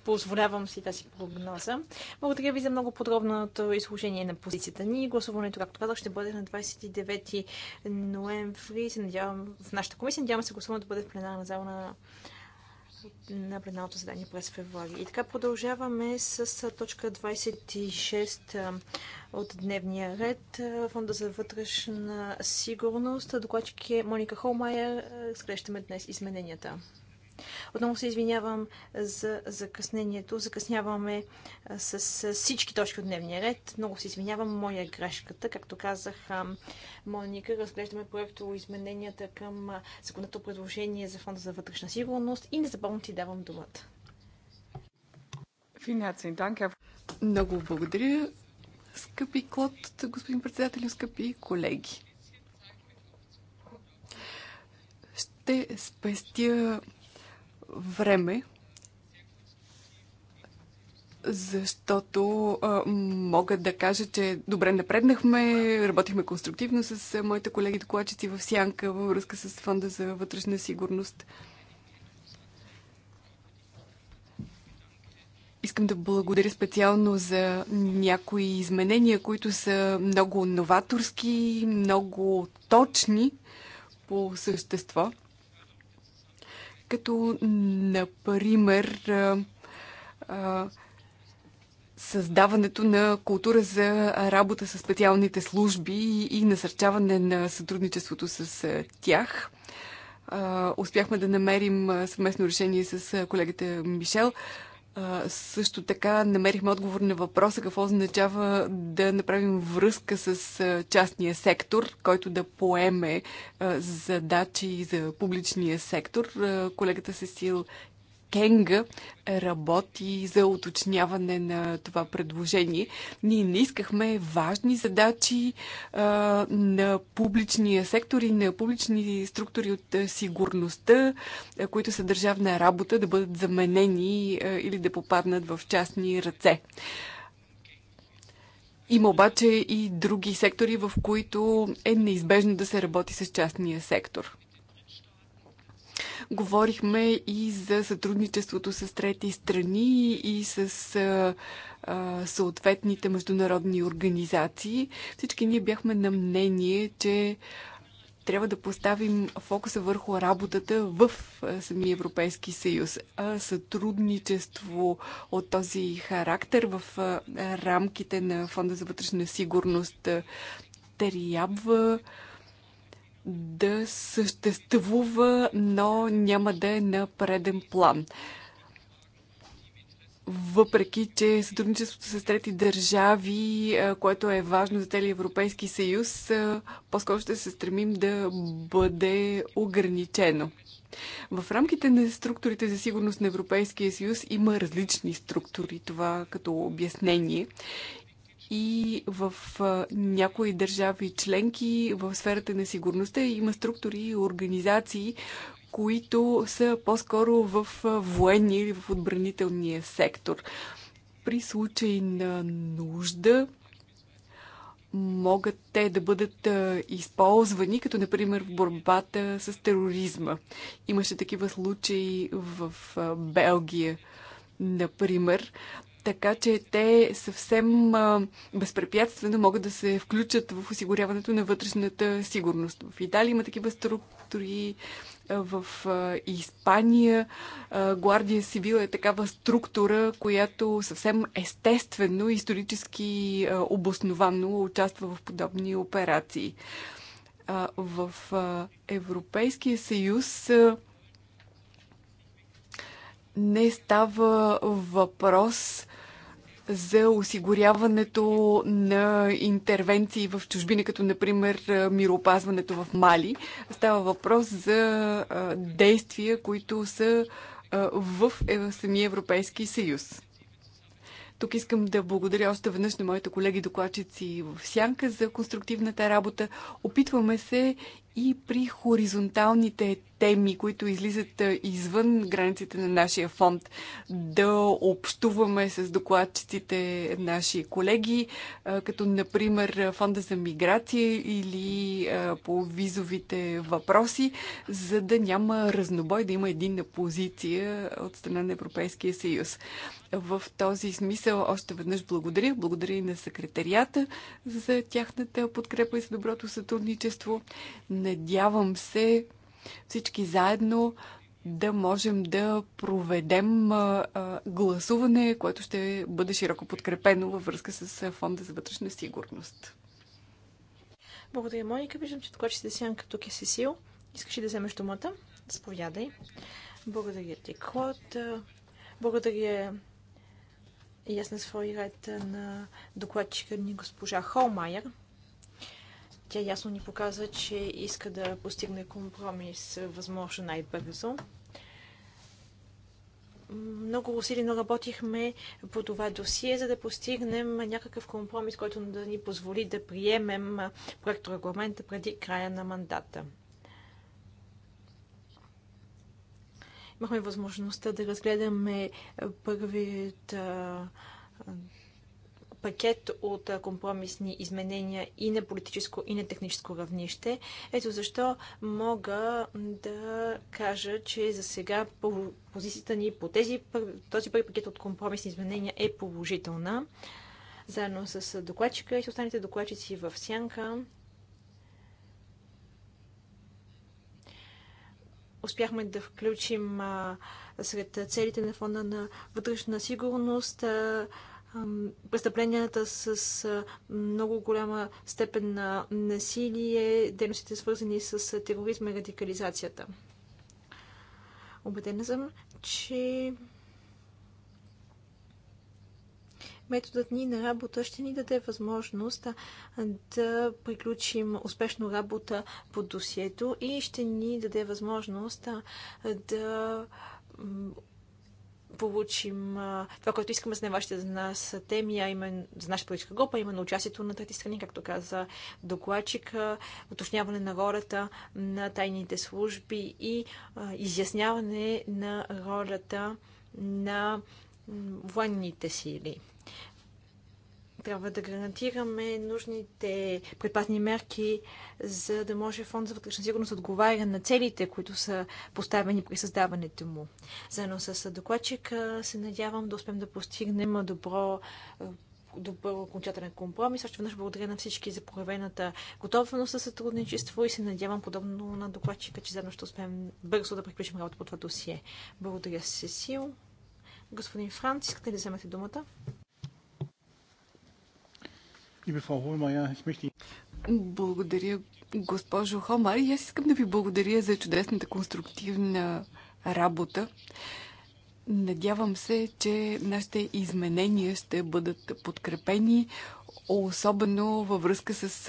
Позволявам си тази прогноза. Благодаря ви за много подробното изложение на позицията ни. Гласуването, както казах, ще бъде на 29 ноември. Се надявам, в нашата комисия надявам се гласуването да бъде в пленарна зала на на пленарното задание през февруари. И така продължаваме с точка 26 от дневния ред. Фонда за вътрешна сигурност. Докладчик е Моника Холмайер. Скрещаме днес измененията. Отново се извинявам за закъснението. Закъсняваме с, всички точки от дневния ред. Много се извинявам. Моя грешката, както казах, Моника, разглеждаме проекто измененията към законното предложение за Фонда за вътрешна сигурност и незабавно ти давам думата. Много благодаря, скъпи Клод, господин председател, скъпи колеги. Ще спестя време, защото а, мога да кажа, че добре напреднахме, работихме конструктивно с моите колеги докладчици в Сянка във връзка с Фонда за вътрешна сигурност. Искам да благодаря специално за някои изменения, които са много новаторски, много точни по същество като, например, създаването на култура за работа с специалните служби и насърчаване на сътрудничеството с тях. Успяхме да намерим съвместно решение с колегата Мишел също така намерихме отговор на въпроса какво означава да направим връзка с частния сектор, който да поеме задачи за публичния сектор. Колегата Сесил Кенга е, работи за уточняване на това предложение. Ние не искахме важни задачи а, е, на публичния сектор и на публични структури от е, сигурността, а, които са държавна работа, да бъдат заменени а, или да попаднат в частни ръце. Има обаче и други сектори, в които е неизбежно да се работи с частния сектор. Говорихме и за сътрудничеството с трети страни и с съответните международни организации. Всички ние бяхме на мнение, че трябва да поставим фокуса върху работата в самия Европейски съюз. Сътрудничество от този характер в рамките на Фонда за вътрешна сигурност трябва да съществува, но няма да е на преден план. Въпреки, че сътрудничеството с трети държави, което е важно за целия Европейски съюз, по-скоро ще се стремим да бъде ограничено. В рамките на структурите за сигурност на Европейския съюз има различни структури, това като обяснение и в някои държави членки в сферата на сигурността има структури и организации, които са по-скоро в военния или в отбранителния сектор. При случай на нужда могат те да бъдат използвани, като например в борбата с тероризма. Имаше такива случаи в Белгия, например така че те съвсем безпрепятствено могат да се включат в осигуряването на вътрешната сигурност. В Италия има такива структури, в Испания Гвардия Сивила е такава структура, която съвсем естествено и исторически обосновано участва в подобни операции. В Европейския съюз не става въпрос за осигуряването на интервенции в чужбина, като например мироопазването в Мали. Става въпрос за действия, които са в е, самия Европейски съюз. Тук искам да благодаря още веднъж на моите колеги докладчици в Сянка за конструктивната работа. Опитваме се и при хоризонталните теми, които излизат извън границите на нашия фонд, да общуваме с докладчиците наши колеги, като например фонда за миграция или по визовите въпроси, за да няма разнобой, да има единна позиция от страна на Европейския съюз. В този смисъл още веднъж благодаря. Благодаря и на секретарията за тяхната подкрепа и за доброто сътрудничество. На Надявам се всички заедно да можем да проведем гласуване, което ще бъде широко подкрепено във връзка с Фонда за вътрешна сигурност. Благодаря, Моника. Виждам, че докладчите Сянка тук е Сесил. Искаш ли да вземеш думата? Заповядай. Благодаря ти, Клод. Благодаря и аз на свой ред на докладчика ни госпожа Холмайер. Тя ясно ни показа, че иска да постигне компромис възможно най-бързо. Много усилено работихме по това досие, за да постигнем някакъв компромис, който да ни позволи да приемем проекторегламента преди края на мандата. Имахме възможността да разгледаме първият пакет от компромисни изменения и на политическо, и на техническо равнище. Ето защо мога да кажа, че за сега позицията ни по тези, този първи пакет от компромисни изменения е положителна. Заедно с докладчика и с останалите докладчици в сянка успяхме да включим а, сред целите на фона на вътрешна сигурност а, престъпленията с много голяма степен на насилие, дейностите свързани с тероризма и радикализацията. Обедена съм, че методът ни на работа ще ни даде възможност да приключим успешно работа по досието и ще ни даде възможност да получим това, което искаме с за нас теми, а именно за нашата политическа група, именно участието на трети страни, както каза докладчика, уточняване на ролята на тайните служби и изясняване на ролята на военните сили трябва да гарантираме нужните предпазни мерки, за да може Фонд за вътрешна сигурност отговаря на целите, които са поставени при създаването му. Заедно с докладчика се надявам да успеем да постигнем добро добър окончателен компромис. Още веднъж благодаря на всички за проявената готовност за сътрудничество и се надявам подобно на докладчика, че заедно ще успеем бързо да приключим работа по това досие. Благодаря, Сесил. Господин Франц, искате да вземете думата? Благодаря, госпожо Хомар. И аз искам да ви благодаря за чудесната конструктивна работа. Надявам се, че нашите изменения ще бъдат подкрепени, особено във връзка с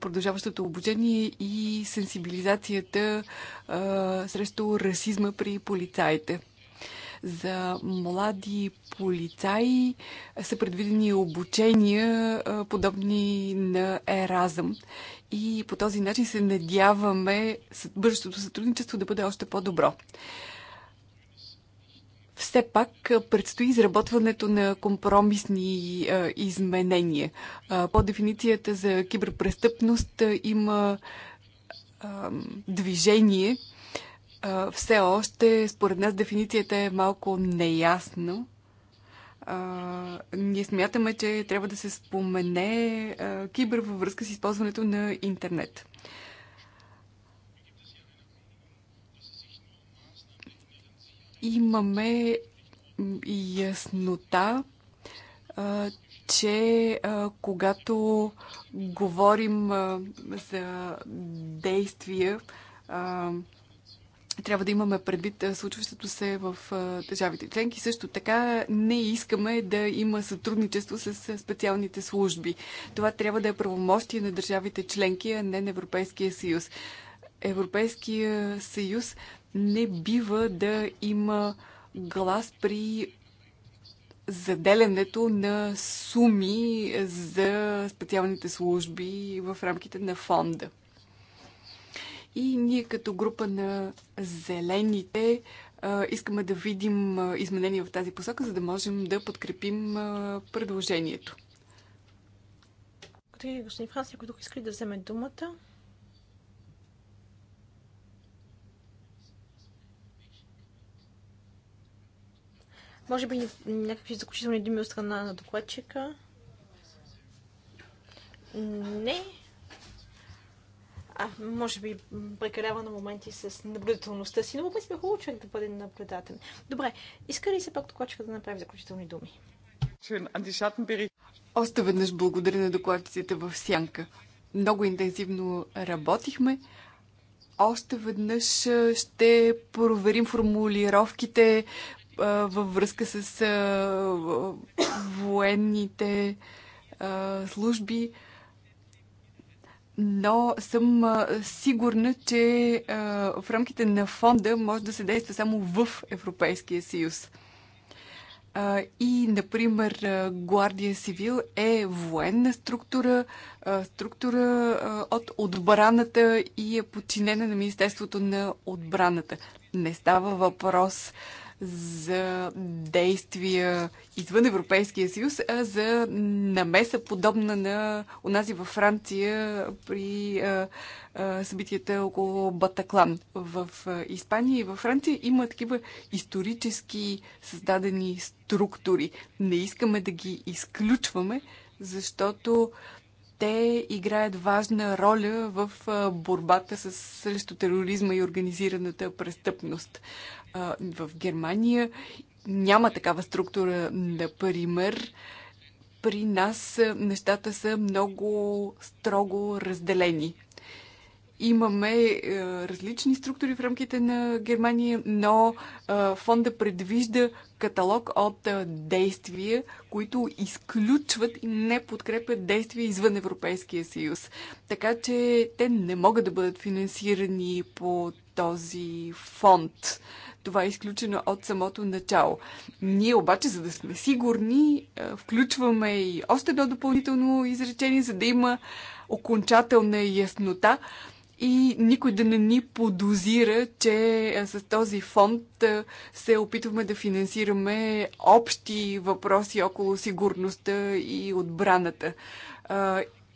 продължаващото обучение и сенсибилизацията а, срещу расизма при полицаите за млади полицаи са предвидени обучения, подобни на Еразъм. И по този начин се надяваме бъдещото сътрудничество да бъде още по-добро. Все пак предстои изработването на компромисни изменения. по дефиницията за киберпрестъпност има движение, все още, според нас, дефиницията е малко неясно. ние смятаме, че трябва да се спомене кибер във връзка с използването на интернет. Имаме яснота, че когато говорим за действия, ще трябва да имаме предвид е, случващото се в е, държавите членки. Също така не искаме да има сътрудничество с е, специалните служби. Това трябва да е правомощие на държавите членки, а не на Европейския съюз. Европейския съюз не бива да има глас при заделянето на суми за специалните служби в рамките на фонда. И ние като група на зелените искаме да видим изменения в тази посока, за да можем да подкрепим предложението. Благодаря и господин Франс. Някой тук искали да вземе думата? Може би някакви заключителни думи от страна на докладчика? Не а, може би прекалява на моменти с наблюдателността си, но въпреки принцип е хубаво човек да бъде наблюдателен. Добре, иска ли се пак докладчика да направи заключителни думи? Още веднъж благодаря на докладчиците в Сянка. Много интензивно работихме. Още веднъж ще проверим формулировките а, във връзка с а, военните а, служби но съм сигурна, че в рамките на фонда може да се действа само в Европейския съюз. И, например, Гвардия Сивил е военна структура, структура от отбраната и е подчинена на Министерството на отбраната. Не става въпрос за действия извън Европейския съюз, а за намеса подобна на унази във Франция при събитията около Батаклан. В Испания и във Франция има такива исторически създадени структури. Не искаме да ги изключваме, защото те играят важна роля в борбата с, срещу тероризма и организираната престъпност. В Германия няма такава структура, например. При нас нещата са много строго разделени. Имаме е, различни структури в рамките на Германия, но фонда предвижда каталог от действия, които изключват и не подкрепят действия извън Европейския съюз. Така че те не могат да бъдат финансирани по този фонд. Това е изключено от самото начало. Ние обаче, за да сме сигурни, е, включваме и още едно допълнително изречение, за да има окончателна яснота и никой да не ни подозира, че е, с този фонд е, се опитваме да финансираме общи въпроси около сигурността и отбраната.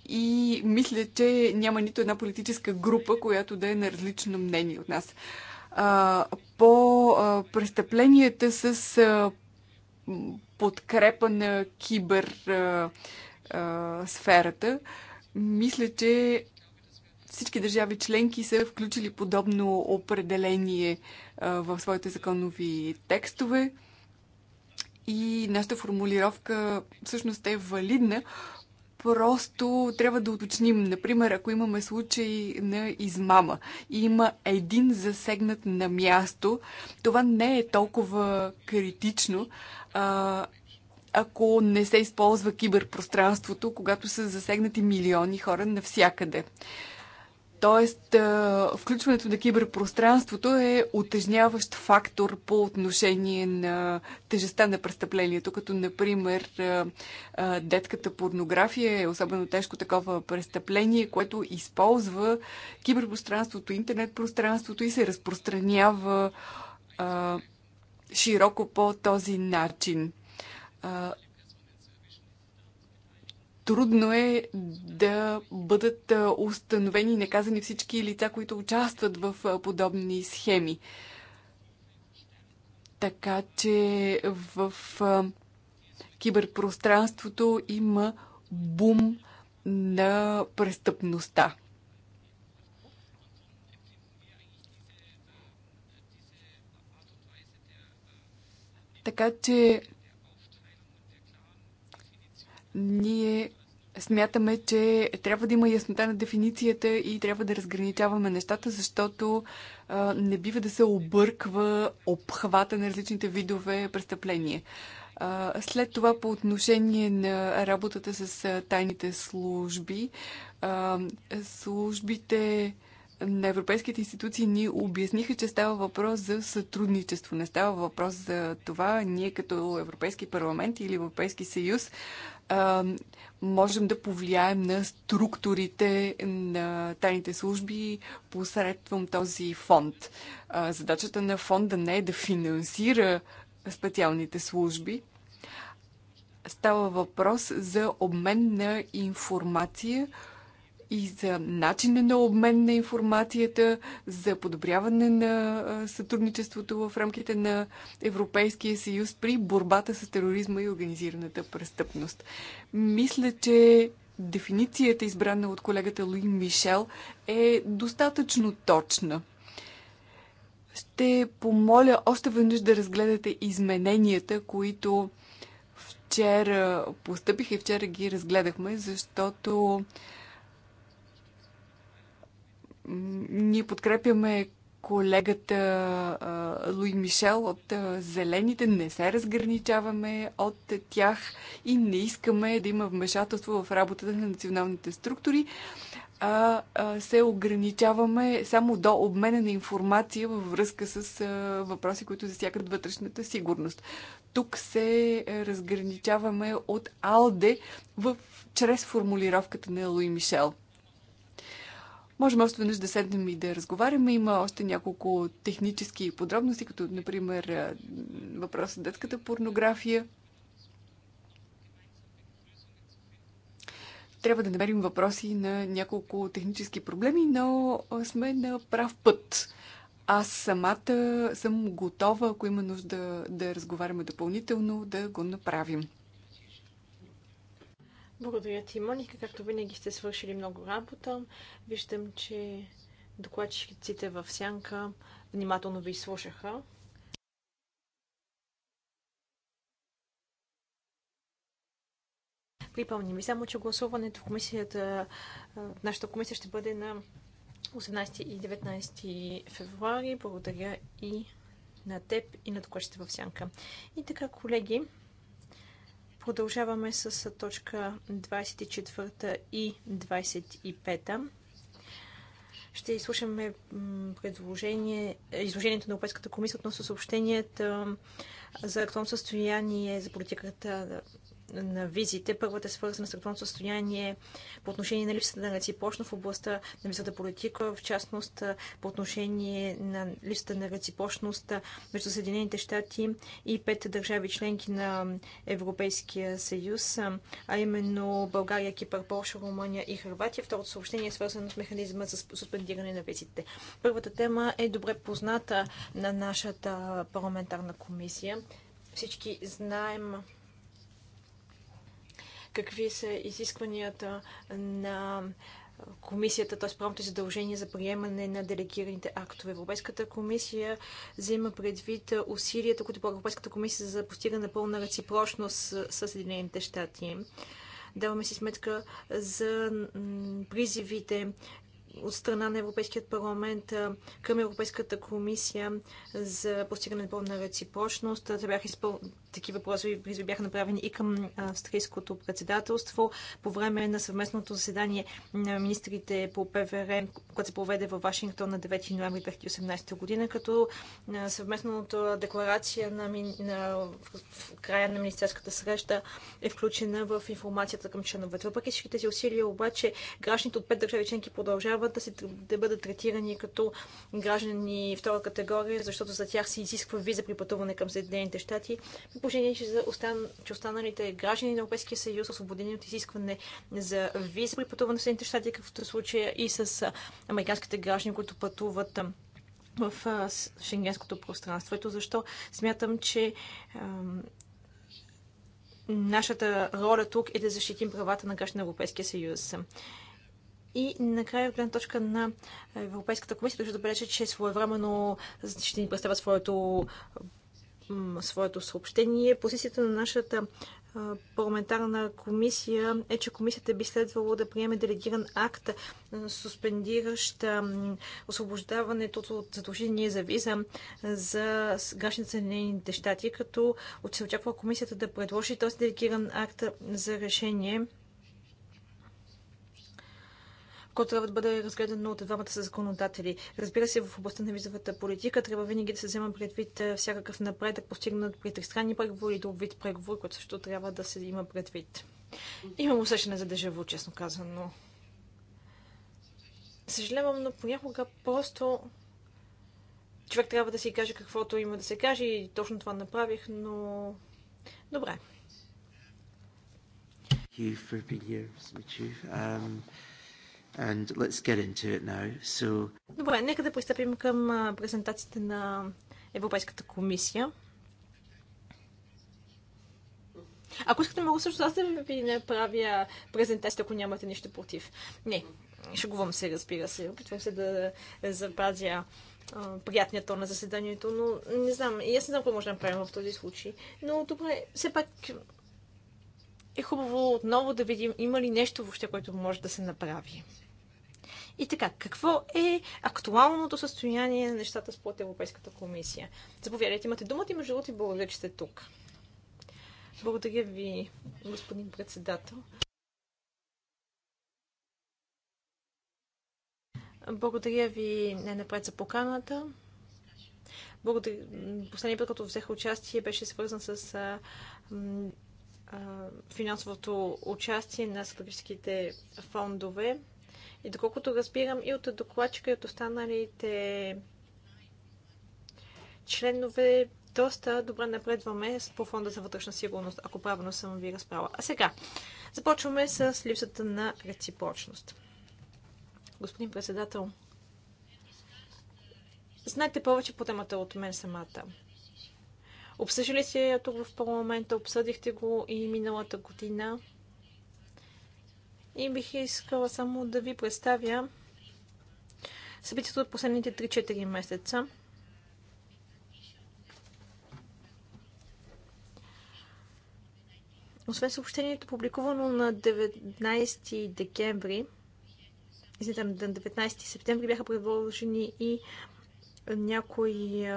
И мисля, че няма нито една политическа група, която да е на различно мнение от нас по престъпленията с подкрепа на кибер сферата. Мисля, че всички държави членки са включили подобно определение в своите законови текстове и нашата формулировка всъщност е валидна, Просто трябва да уточним. Например, ако имаме случай на измама и има един засегнат на място, това не е толкова критично, а, ако не се използва киберпространството, когато са засегнати милиони хора навсякъде. Тоест, включването на киберпространството е отежняващ фактор по отношение на тежестта на престъплението, като, например, детската порнография е особено тежко такова престъпление, което използва киберпространството, интернет-пространството и се разпространява широко по този начин трудно е да бъдат установени и наказани всички лица, които участват в подобни схеми. Така че в киберпространството има бум на престъпността. Така че ние смятаме, че трябва да има яснота на дефиницията и трябва да разграничаваме нещата, защото а, не бива да се обърква обхвата на различните видове престъпления. А, след това по отношение на работата с а, тайните служби, а, службите на европейските институции ни обясниха, че става въпрос за сътрудничество. Не става въпрос за това ние като Европейски парламент или Европейски съюз можем да повлияем на структурите на тайните служби посредством този фонд. Задачата на фонда не е да финансира специалните служби. Става въпрос за обмен на информация, и за начина на обмен на информацията, за подобряване на сътрудничеството в рамките на Европейския съюз при борбата с тероризма и организираната престъпност. Мисля, че дефиницията, избрана от колегата Луи Мишел, е достатъчно точна. Ще помоля още веднъж да разгледате измененията, които вчера постъпих и вчера ги разгледахме, защото ние подкрепяме колегата Луи Мишел от Зелените. Не се разграничаваме от тях и не искаме да има вмешателство в работата на националните структури, а се ограничаваме само до обмена на информация във връзка с въпроси, които засягат вътрешната сигурност. Тук се е, разграничаваме от АЛДЕ в, чрез формулировката на Луи Мишел – Можем още веднъж да седнем и да разговаряме. Има още няколко технически подробности, като например въпрос за детската порнография. Трябва да намерим въпроси на няколко технически проблеми, но сме на прав път. Аз самата съм готова, ако има нужда да разговаряме допълнително, да го направим. Благодаря ти, Моника. Както винаги сте свършили много работа. Виждам, че докладчиците в сянка внимателно ви слушаха. Припомним ви само, че гласуването в комисията, в нашата комисия ще бъде на 18 и 19 февруари. Благодаря и на теб и на докладчите в сянка. И така, колеги, Продължаваме с точка 24 и 25. Ще изслушаме предложение, изложението на Европейската комисия относно съобщенията за актуално състояние за политиката на визите. Първата е свързана с актуалното състояние по отношение на липсата на реципрочност в областта на визата политика, в частност по отношение на липсата на реципрочност между Съединените щати и пет държави членки на Европейския съюз, а именно България, Кипър, Польша, Румъния и Хрватия. Второто съобщение е свързано с механизма за суспендиране на визите. Първата тема е добре позната на нашата парламентарна комисия. Всички знаем какви са изискванията на комисията, т.е. правното задължение за приемане на делегираните актове. Европейската комисия взема предвид усилията, които Европейската комисия за постигане на пълна реципрочност с Съединените щати. Даваме си сметка за призивите от страна на Европейският парламент към Европейската комисия за постигане на пълна реципрочност. Те бяха изпълнени такива призви бяха направени и към австрийското председателство по време на съвместното заседание на министрите по ПВР, което се проведе във Вашингтон на 9 ноември 2018 година, като съвместната декларация на, на... в края на министерската среща е включена в информацията към членовете. Въпреки всички тези усилия, обаче, гражданите от пет държави членки продължават да, се, да бъдат третирани като граждани втора категория, защото за тях се изисква виза при пътуване към Съединените щати, положение, че, за остан... че останалите граждани на Европейския съюз освободени от изискване за виза при пътуване в Съединените щати, какъвто е случая и с американските граждани, които пътуват в шенгенското пространство. Ето защо смятам, че нашата роля тук е да защитим правата на граждани на Европейския съюз. И накрая, от гледна точка на Европейската комисия, държа да бележа, че своевременно ще ни представят своето своето съобщение. Позицията на нашата парламентарна комисия е, че комисията би следвало да приеме делегиран акт, суспендиращ освобождаването от задължение за виза за гражданите нейните щати, като се очаква комисията да предложи този делегиран акт за решение който трябва да бъде разгледан от двамата законодатели. Разбира се, в областта на визовата политика трябва винаги да се взема предвид всякакъв напредък, постигнат при тристранни преговори и друг вид преговори, който също трябва да се има предвид. Имам усещане за дежаво, честно казано. Съжалявам, но понякога просто човек трябва да си каже каквото има да се каже и точно това направих, но добре. And let's get into it now. So... Добре, нека да пристъпим към презентацията на Европейската комисия. Ако искате, мога също аз да ви направя презентация, ако нямате нищо против. Не, шегувам се, разбира се. Опитвам се да запазя приятният тон на заседанието, но не знам. И аз не знам какво може да направим в този случай. Но добре, все пак е хубаво отново да видим има ли нещо въобще, което може да се направи. И така, какво е актуалното състояние на нещата според Европейската комисия? Заповядайте, имате думата и между другото благодаря, че сте тук. Благодаря ви, господин председател. Благодаря ви най-напред за поканата. Благодаря. Последния път, като взех участие, беше свързан с а, а, финансовото участие на стратегическите фондове. И доколкото разбирам и от докладчика и от останалите членове, доста добре напредваме по фонда за вътрешна сигурност, ако правилно съм ви разправила. А сега, започваме с липсата на реципрочност. Господин председател, знаете повече по темата от мен самата. Обсъждали се тук в парламента, обсъдихте го и миналата година и бих искала само да ви представя събитието от последните 3-4 месеца. Освен съобщението, публикувано на 19 декември, извинете, на 19 септември бяха предложени и някои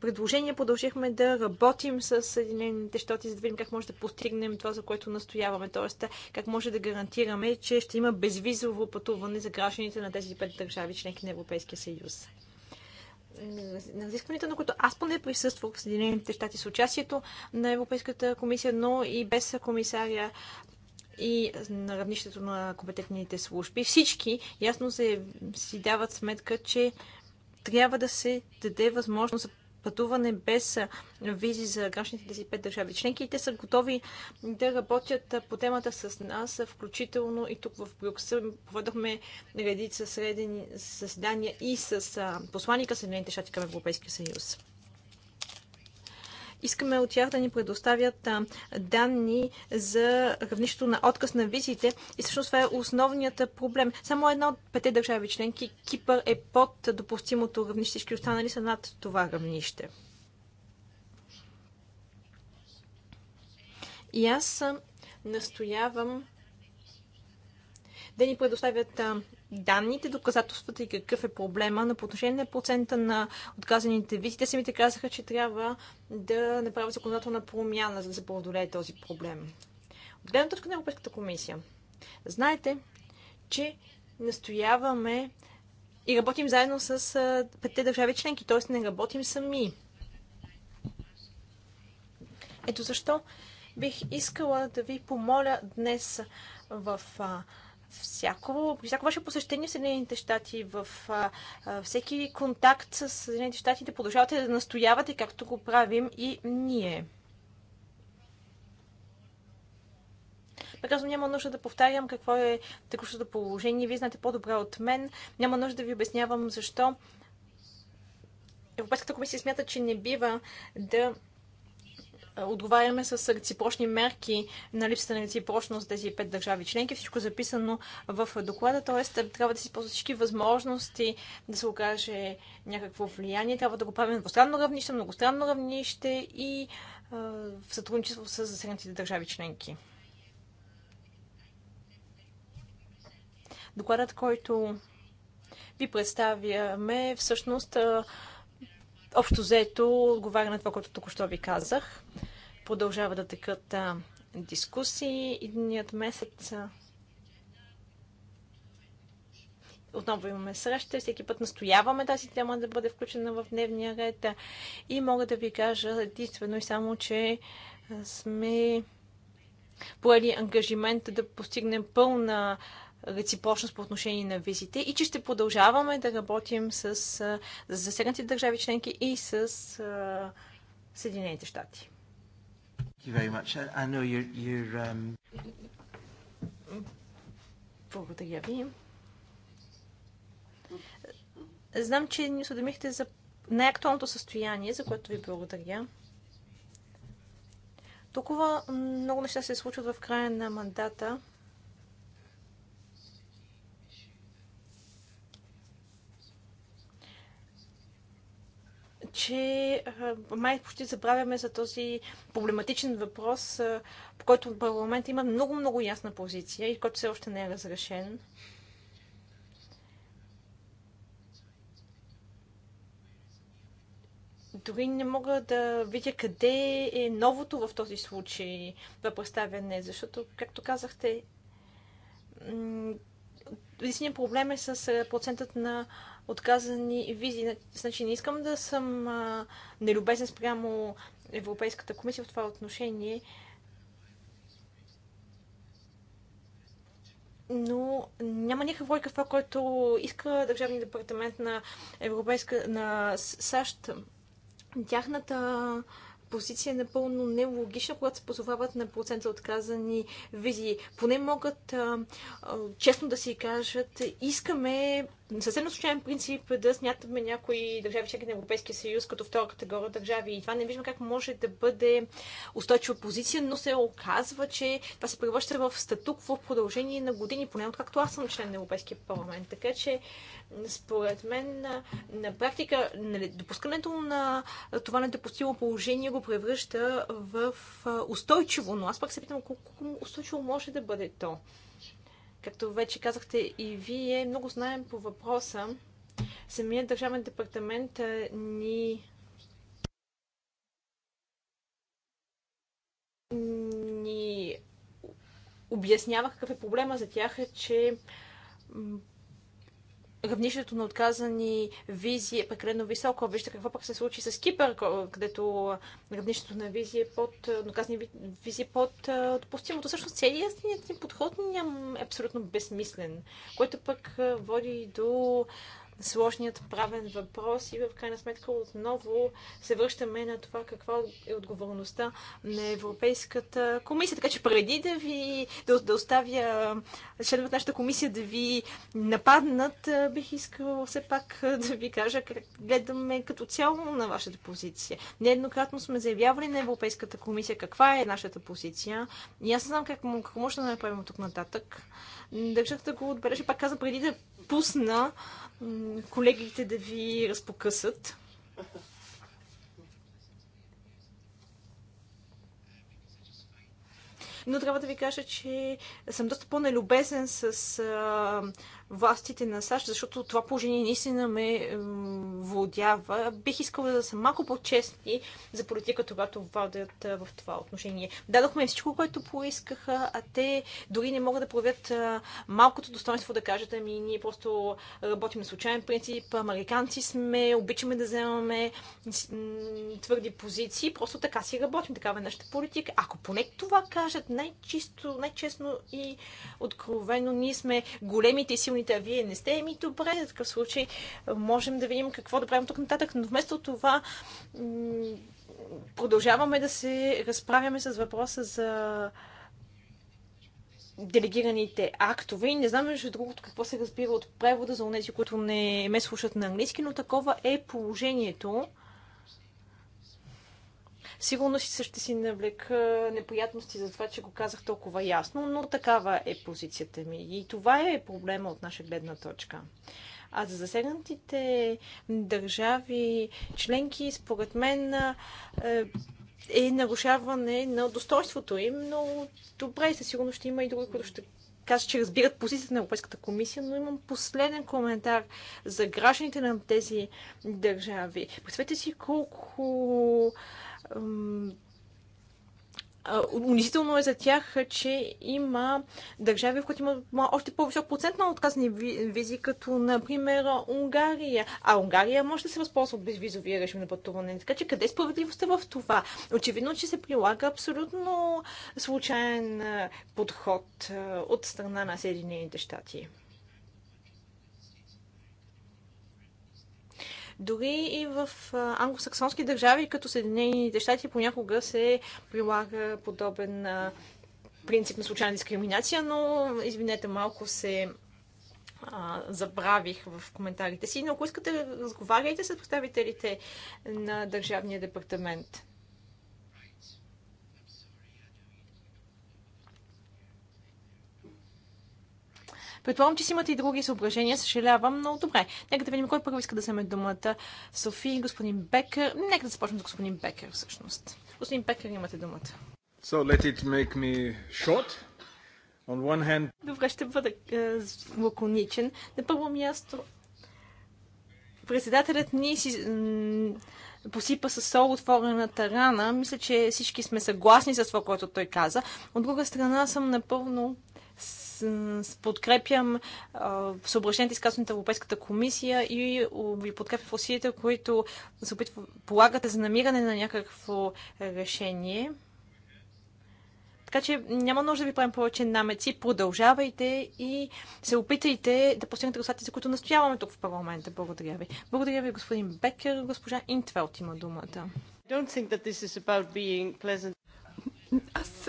предложения продължихме да работим с Съединените щати, за да видим как може да постигнем това, за което настояваме, т.е. как може да гарантираме, че ще има безвизово пътуване за гражданите на тези пет държави, членки на Европейския съюз на разискванията, на които аз поне присъствах в Съединените щати с участието на Европейската комисия, но и без комисария и на равнището на компетентните служби. Всички ясно се, си дават сметка, че трябва да се даде възможност за пътуване без визи за гражданите тези пет държави членки и те са готови да работят по темата с нас, включително и тук в Брюксел. Поведохме редица средени създания и с посланика Съединените щати към Европейския съюз. Искаме от тях да ни предоставят данни за равнището на отказ на визите и всъщност това е основният проблем. Само една от пете държави членки, Кипър е под допустимото равнище, всички останали са над това равнище. И аз настоявам да ни предоставят данните, доказателствата и какъв е проблема. На отношение на процента на отказаните визи, те самите казаха, че трябва да направят законодателна промяна, за да се преодолее този проблем. От гледна точка на Европейската комисия. Знаете, че настояваме и работим заедно с петте държави членки, т.е. не работим сами. Ето защо бих искала да ви помоля днес в всяко, при всяко ваше посещение в Съединените щати, в а, а, всеки контакт с Съединените щати, да продължавате да настоявате, както го правим и ние. Прекрасно няма нужда да повтарям какво е текущото положение. Вие знаете по-добре от мен. Няма нужда да ви обяснявам защо Европейската комисия смята, че не бива да отговаряме с реципрочни мерки на липсата на реципрочност тези пет държави членки. Всичко записано в доклада, т.е. трябва да си използват всички възможности да се окаже някакво влияние. Трябва да го правим на двустранно равнище, многостранно равнище и в сътрудничество с засегнатите държави членки. Докладът, който ви представяме, всъщност общо взето отговаря на това, което току-що ви казах. Продължава да текат а, дискусии. Идният месец а... отново имаме среща. Всеки път настояваме тази тема да бъде включена в дневния ред. И мога да ви кажа единствено и само, че сме поели ангажимент да постигнем пълна реципрочност по отношение на визите и че ще продължаваме да работим с засегнати държави членки и с Съединените щати. Um, благодаря ви. Знам, че ни осведомихте за най-актуалното състояние, за което ви благодаря. Толкова много неща се случват в края на мандата. че май почти забравяме за този проблематичен въпрос, по който в парламент има много-много ясна позиция и който все още не е разрешен. дори не мога да видя къде е новото в този случай това представяне, защото, както казахте, единственият проблем е с процентът на отказани визи. Значи, значи не искам да съм нелюбезен спрямо Европейската комисия в това отношение, но няма никаква логика в това, което иска Държавния департамент на, Европейска, на САЩ. Тяхната позиция е напълно нелогична, когато се позовават на процента отказани визи. Поне могат а, а, честно да си кажат, искаме съвсем случайен принцип да смятаме някои държави, членки на Европейския съюз, като втора категория държави. И това не виждам как може да бъде устойчива позиция, но се оказва, че това се превръща в статук в продължение на години, поне откакто аз съм член на Европейския парламент. Така че според мен на практика нали, допускането на това недопустимо положение го превръща в устойчиво, но аз пак се питам колко устойчиво може да бъде то. Както вече казахте и вие, много знаем по въпроса. Самият държавен департамент ни ни обяснява какъв е проблема за тях, е, че равнището на отказани визи е прекалено високо. Вижте какво пък се случи с Кипър, където равнището на визи е под, е, отказани визи е под е, допустимото. Също целият ни подход ням е абсолютно безсмислен, което пък е, води до сложният правен въпрос и в крайна сметка отново се връщаме на това каква е отговорността на Европейската комисия. Така че преди да ви да, да оставя членове от нашата комисия да ви нападнат, бих искал все пак да ви кажа как гледаме като цяло на вашата позиция. Нееднократно сме заявявали на Европейската комисия каква е нашата позиция. И аз не знам как, как може да направим тук нататък. Държах да го отбележа, пак каза, преди да пусна колегите да ви разпокъсат. Но трябва да ви кажа, че съм доста по-нелюбезен с властите на САЩ, защото това положение наистина ме водява. Бих искала да съм малко по-честни за политиката, когато водят в това отношение. Дадохме всичко, което поискаха, а те дори не могат да проявят малкото достоинство да кажат, ами ние просто работим на случайен принцип, американци сме, обичаме да вземаме твърди позиции, просто така си работим, такава е нашата политика. Ако поне това кажат най-чисто, най-честно и откровено, ние сме големите силни силните, а вие не сте, ми добре, в такъв случай можем да видим какво да правим тук нататък, но вместо това продължаваме да се разправяме с въпроса за делегираните актове. И не знам, между другото, какво се разбира от превода за тези, които не ме слушат на английски, но такова е положението. Сигурно си ще си навлека неприятности за това, че го казах толкова ясно, но такава е позицията ми. И това е проблема от наша гледна точка. А за засегнатите държави, членки, според мен е нарушаване на достоинството им, но добре, със сигурност ще има и други, които ще кажа, че разбират позицията на Европейската комисия, но имам последен коментар за гражданите на тези държави. Представете си колко унизително е за тях, че има държави, в които има още по-висок процент на отказани визи, като например Унгария. А Унгария може да се възползва от безвизовия режим на пътуване. Така че къде е справедливостта в това? Очевидно, че се прилага абсолютно случайен подход от страна на Съединените щати. Дори и в англосаксонски държави, като Съединените щати, понякога се прилага подобен принцип на случайна дискриминация, но извинете, малко се забравих в коментарите си, но ако искате, разговаряйте с представителите на Държавния департамент. Предполагам, че си имате и други съображения, съжалявам, но добре. Нека да видим кой първо иска да вземе думата. Софи и господин Бекер. Нека да започнем с господин Бекер, всъщност. Господин Бекер, имате думата. So let it make me short. On one hand... Добре, ще бъда е, лаконичен. На първо място, председателят ни си посипа със сол отворената рана. Мисля, че всички сме съгласни с това, което той каза. От друга страна съм напълно с подкрепям съобращените изказването на Европейската комисия и ви подкрепя в които се опитва, полагате за намиране на някакво решение. Така че няма нужда да ви правим повече намеци. Продължавайте и се опитайте да постигнете резултатите, за които настояваме тук в парламента. Благодаря ви. Благодаря ви, господин Бекер. Госпожа Интвелт има думата. Аз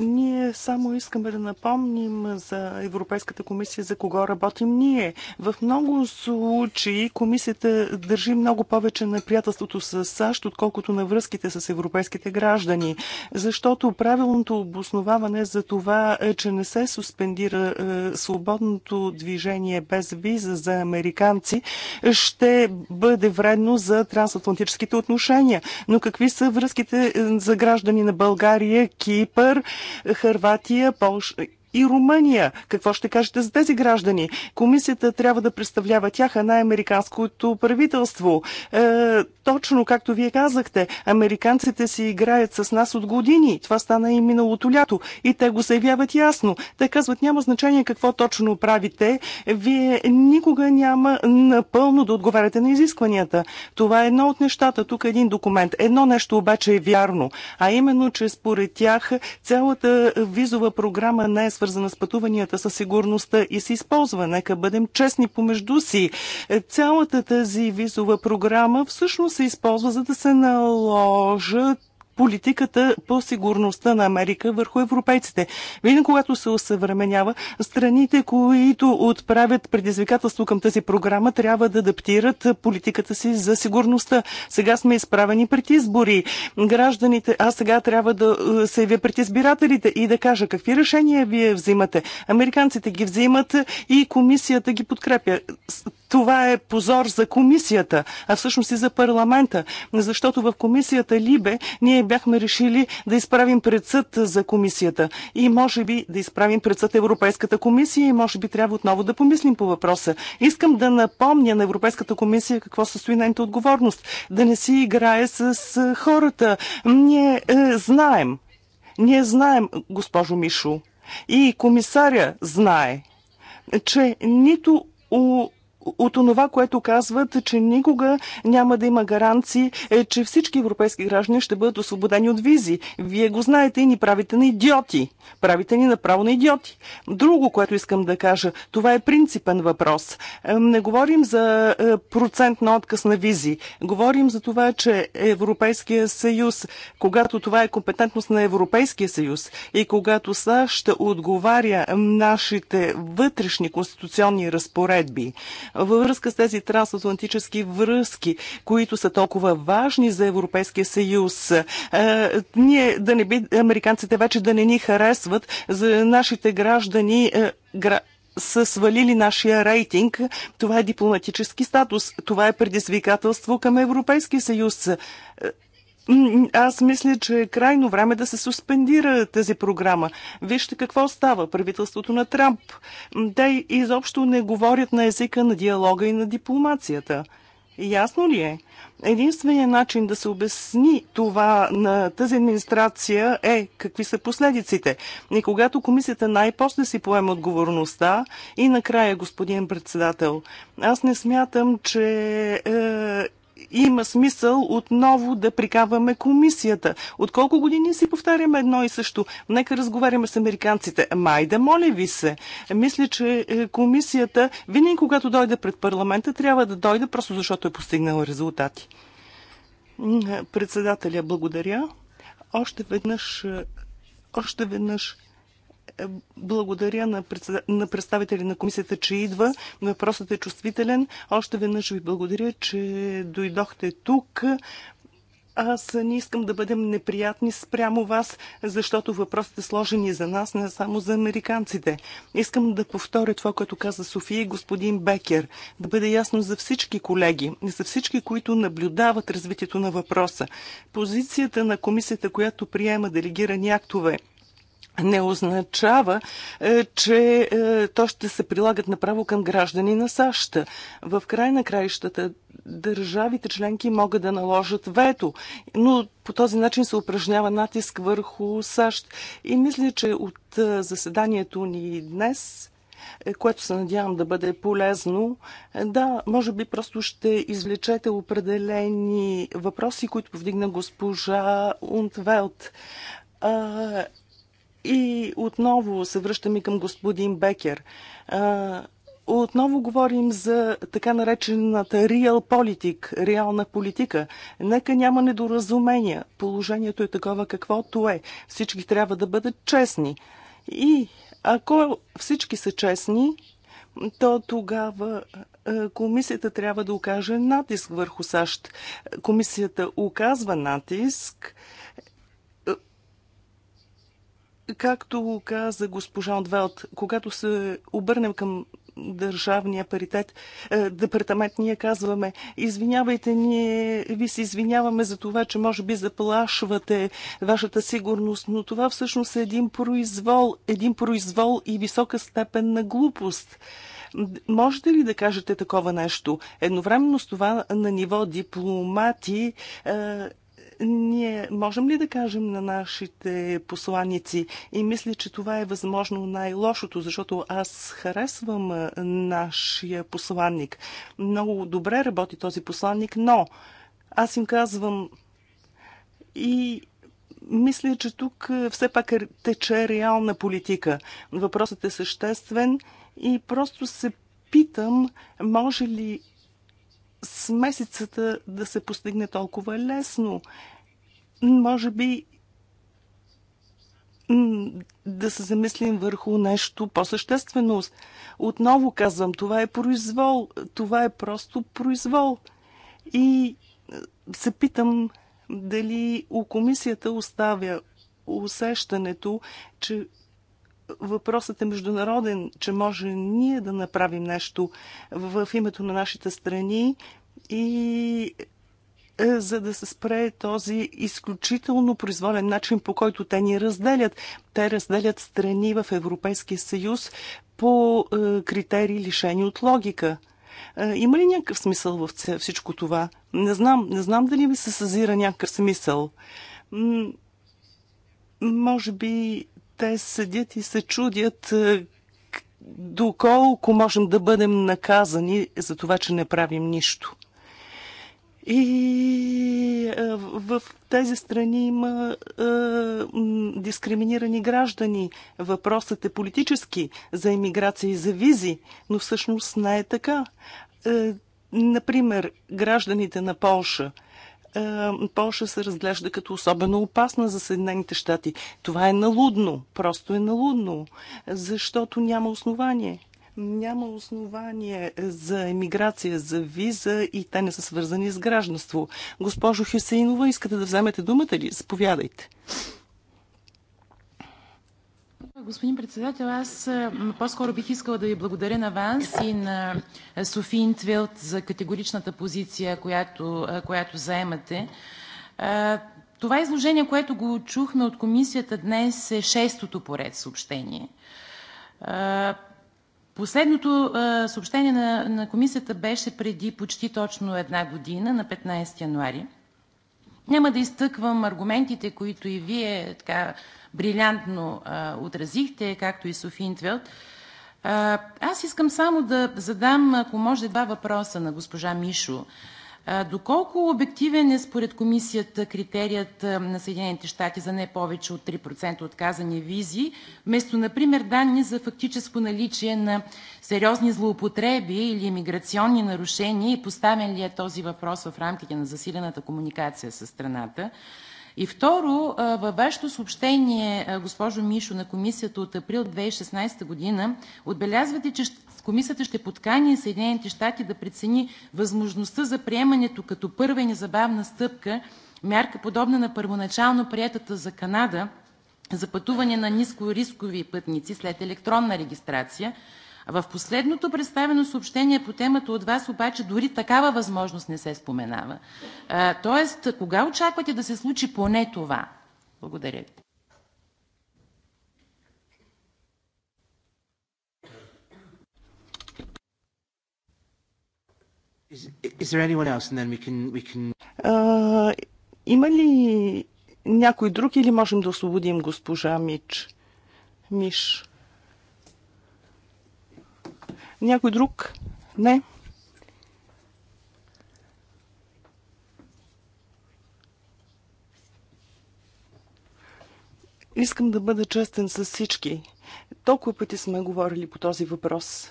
Ние само искаме да напомним за Европейската комисия за кого работим ние. В много случаи комисията държи много повече на приятелството с САЩ, отколкото на връзките с европейските граждани, защото правилното обосноваване за това, е, че не се суспендира е, свободното движение без виза за американци, ще бъде вредно за трансатлантическите отношения. Но какви са връзките е, за граждани на България, Кипър, Харватия, Полша и Румъния. Какво ще кажете за тези граждани? Комисията трябва да представлява тях, а американското правителство. Е, точно както вие казахте, американците си играят с нас от години. Това стана и миналото лято. И те го заявяват ясно. Те казват, няма значение какво точно правите. Вие никога няма напълно да отговаряте на изискванията. Това е едно от нещата. Тук е един документ. Едно нещо обаче е вярно, а именно, че според тях цялата визова програма не е свързана с пътуванията, със сигурността и се използва. Нека бъдем честни помежду си. Е, цялата тази визова програма всъщност се използва за да се наложат политиката по сигурността на Америка върху европейците. Винаги, когато се осъвременява, страните, които отправят предизвикателство към тази програма, трябва да адаптират политиката си за сигурността. Сега сме изправени пред избори. Гражданите, аз сега трябва да е, се явя пред избирателите и да кажа какви решения вие взимате. Американците ги взимат и комисията ги подкрепя. Това е позор за комисията, а всъщност и за парламента, защото в комисията Либе ние бяхме решили да изправим пред съд за комисията и може би да изправим пред съд Европейската комисия и може би трябва отново да помислим по въпроса. Искам да напомня на Европейската комисия какво състои нейната отговорност. Да не си играе с хората. Ние е, знаем. Ние знаем, госпожо Мишо. И комисаря знае, че нито у от онова, което казват, че никога няма да има гаранции, е, че всички европейски граждани ще бъдат освободени от визи. Вие го знаете и ни правите на идиоти. Правите ни направо на идиоти. Друго, което искам да кажа, това е принципен въпрос. Е, не говорим за е, процент на отказ на визи. Говорим за това, че Европейския съюз, когато това е компетентност на Европейския съюз и когато САЩ ще отговаря нашите вътрешни конституционни разпоредби, във връзка с тези трансатлантически връзки, които са толкова важни за Европейския съюз. Е, ние да не би американците вече да не ни харесват за нашите граждани е, са свалили нашия рейтинг. Това е дипломатически статус. Това е предизвикателство към Европейския съюз. Е, аз мисля, че е крайно време да се суспендира тази програма. Вижте какво става. Правителството на Трамп. Те изобщо не говорят на езика на диалога и на дипломацията. Ясно ли е? Единственият начин да се обясни това на тази администрация е какви са последиците. И когато комисията най-после си поема отговорността и накрая, господин председател, аз не смятам, че е, има смисъл отново да прикаваме комисията. От колко години си повтаряме едно и също? Нека разговаряме с американците. да моля ви се. Мисля, че е, комисията винаги, когато дойде пред парламента, трябва да дойде просто защото е постигнала резултати. Председателя, благодаря. Още веднъж, е, още веднъж благодаря на, представители на комисията, че идва. Въпросът е чувствителен. Още веднъж ви благодаря, че дойдохте тук. Аз не искам да бъдем неприятни спрямо вас, защото въпросът е сложен и за нас, не само за американците. Искам да повторя това, което каза София и господин Бекер. Да бъде ясно за всички колеги, за всички, които наблюдават развитието на въпроса. Позицията на комисията, която приема делегирани актове не означава, е, че е, то ще се прилагат направо към граждани на САЩ. В край на краищата държавите членки могат да наложат вето, но по този начин се упражнява натиск върху САЩ. И мисля, че от е, заседанието ни днес което се надявам да бъде полезно. Да, може би просто ще извлечете определени въпроси, които повдигна госпожа Унтвелт и отново се връщаме към господин Бекер. Отново говорим за така наречената real политик, реална политика. Нека няма недоразумения. Положението е такова каквото е. Всички трябва да бъдат честни. И ако всички са честни, то тогава комисията трябва да окаже натиск върху САЩ. Комисията оказва натиск Както каза госпожа Отвелт, когато се обърнем към държавния паритет, е, департамент, ние казваме, извинявайте, ние ви се извиняваме за това, че може би заплашвате вашата сигурност, но това всъщност е един произвол, един произвол и висока степен на глупост. Можете ли да кажете такова нещо? Едновременно с това на ниво дипломати е, ние можем ли да кажем на нашите посланици? И мисля, че това е възможно най-лошото, защото аз харесвам нашия посланник. Много добре работи този посланник, но аз им казвам и мисля, че тук все пак е, тече реална политика. Въпросът е съществен и просто се питам, може ли с месецата да се постигне толкова лесно може би да се замислим върху нещо по-съществено. Отново казвам, това е произвол. Това е просто произвол. И е, се питам дали у комисията оставя усещането, че въпросът е международен, че може ние да направим нещо в името на нашите страни и е, за да се спре този изключително произволен начин, по който те ни разделят. Те разделят страни в Европейския съюз по е, критерии лишени от логика. Е, има ли някакъв смисъл в всичко това? Не знам, не знам дали ми се съзира някакъв смисъл. може би те седят и се чудят доколко можем да бъдем наказани за това, че не правим нищо. И е, в тези страни има е, дискриминирани граждани. Въпросът е политически за иммиграция и за визи, но всъщност не е така. Е, например, гражданите на Полша. Полша се разглежда като особено опасна за Съединените щати. Това е налудно, просто е налудно, защото няма основание няма основание за емиграция, за виза и те не са свързани с гражданство. Госпожо Хюсейнова, искате да вземете думата ли? Заповядайте. Господин председател, аз по-скоро бих искала да ви благодаря на Ванс и на Софи Интвилд за категоричната позиция, която, която заемате. Това изложение, което го чухме от комисията днес е шестото поред съобщение. Последното съобщение на Комисията беше преди почти точно една година – на 15 януари. Няма да изтъквам аргументите, които и Вие брилянтно отразихте, както и Софи In Аз искам само да задам, ако може, два въпроса на госпожа Мишо, Доколко обективен е според Комисията критерият на Съединените щати за не повече от 3% отказани визи, вместо например данни за фактическо наличие на сериозни злоупотреби или миграционни нарушения и поставен ли е този въпрос в рамките на засилената комуникация със страната? И второ, във Вашето съобщение, госпожо Мишо, на Комисията от април 2016 г. отбелязвате, че Комисията ще подкани Съединените щати да прецени възможността за приемането като първа и незабавна стъпка мярка, подобна на първоначално приетата за Канада за пътуване на нискорискови пътници след електронна регистрация, в последното представено съобщение по темата от Вас обаче дори такава възможност не се споменава. Тоест, кога очаквате да се случи поне това? Благодаря Ви. Is, is there anyone else? And then we can, we can... Uh, има ли някой друг или можем да освободим госпожа Мич? Миш. Някой друг? Не. Искам да бъда честен с всички. Толкова пъти сме говорили по този въпрос.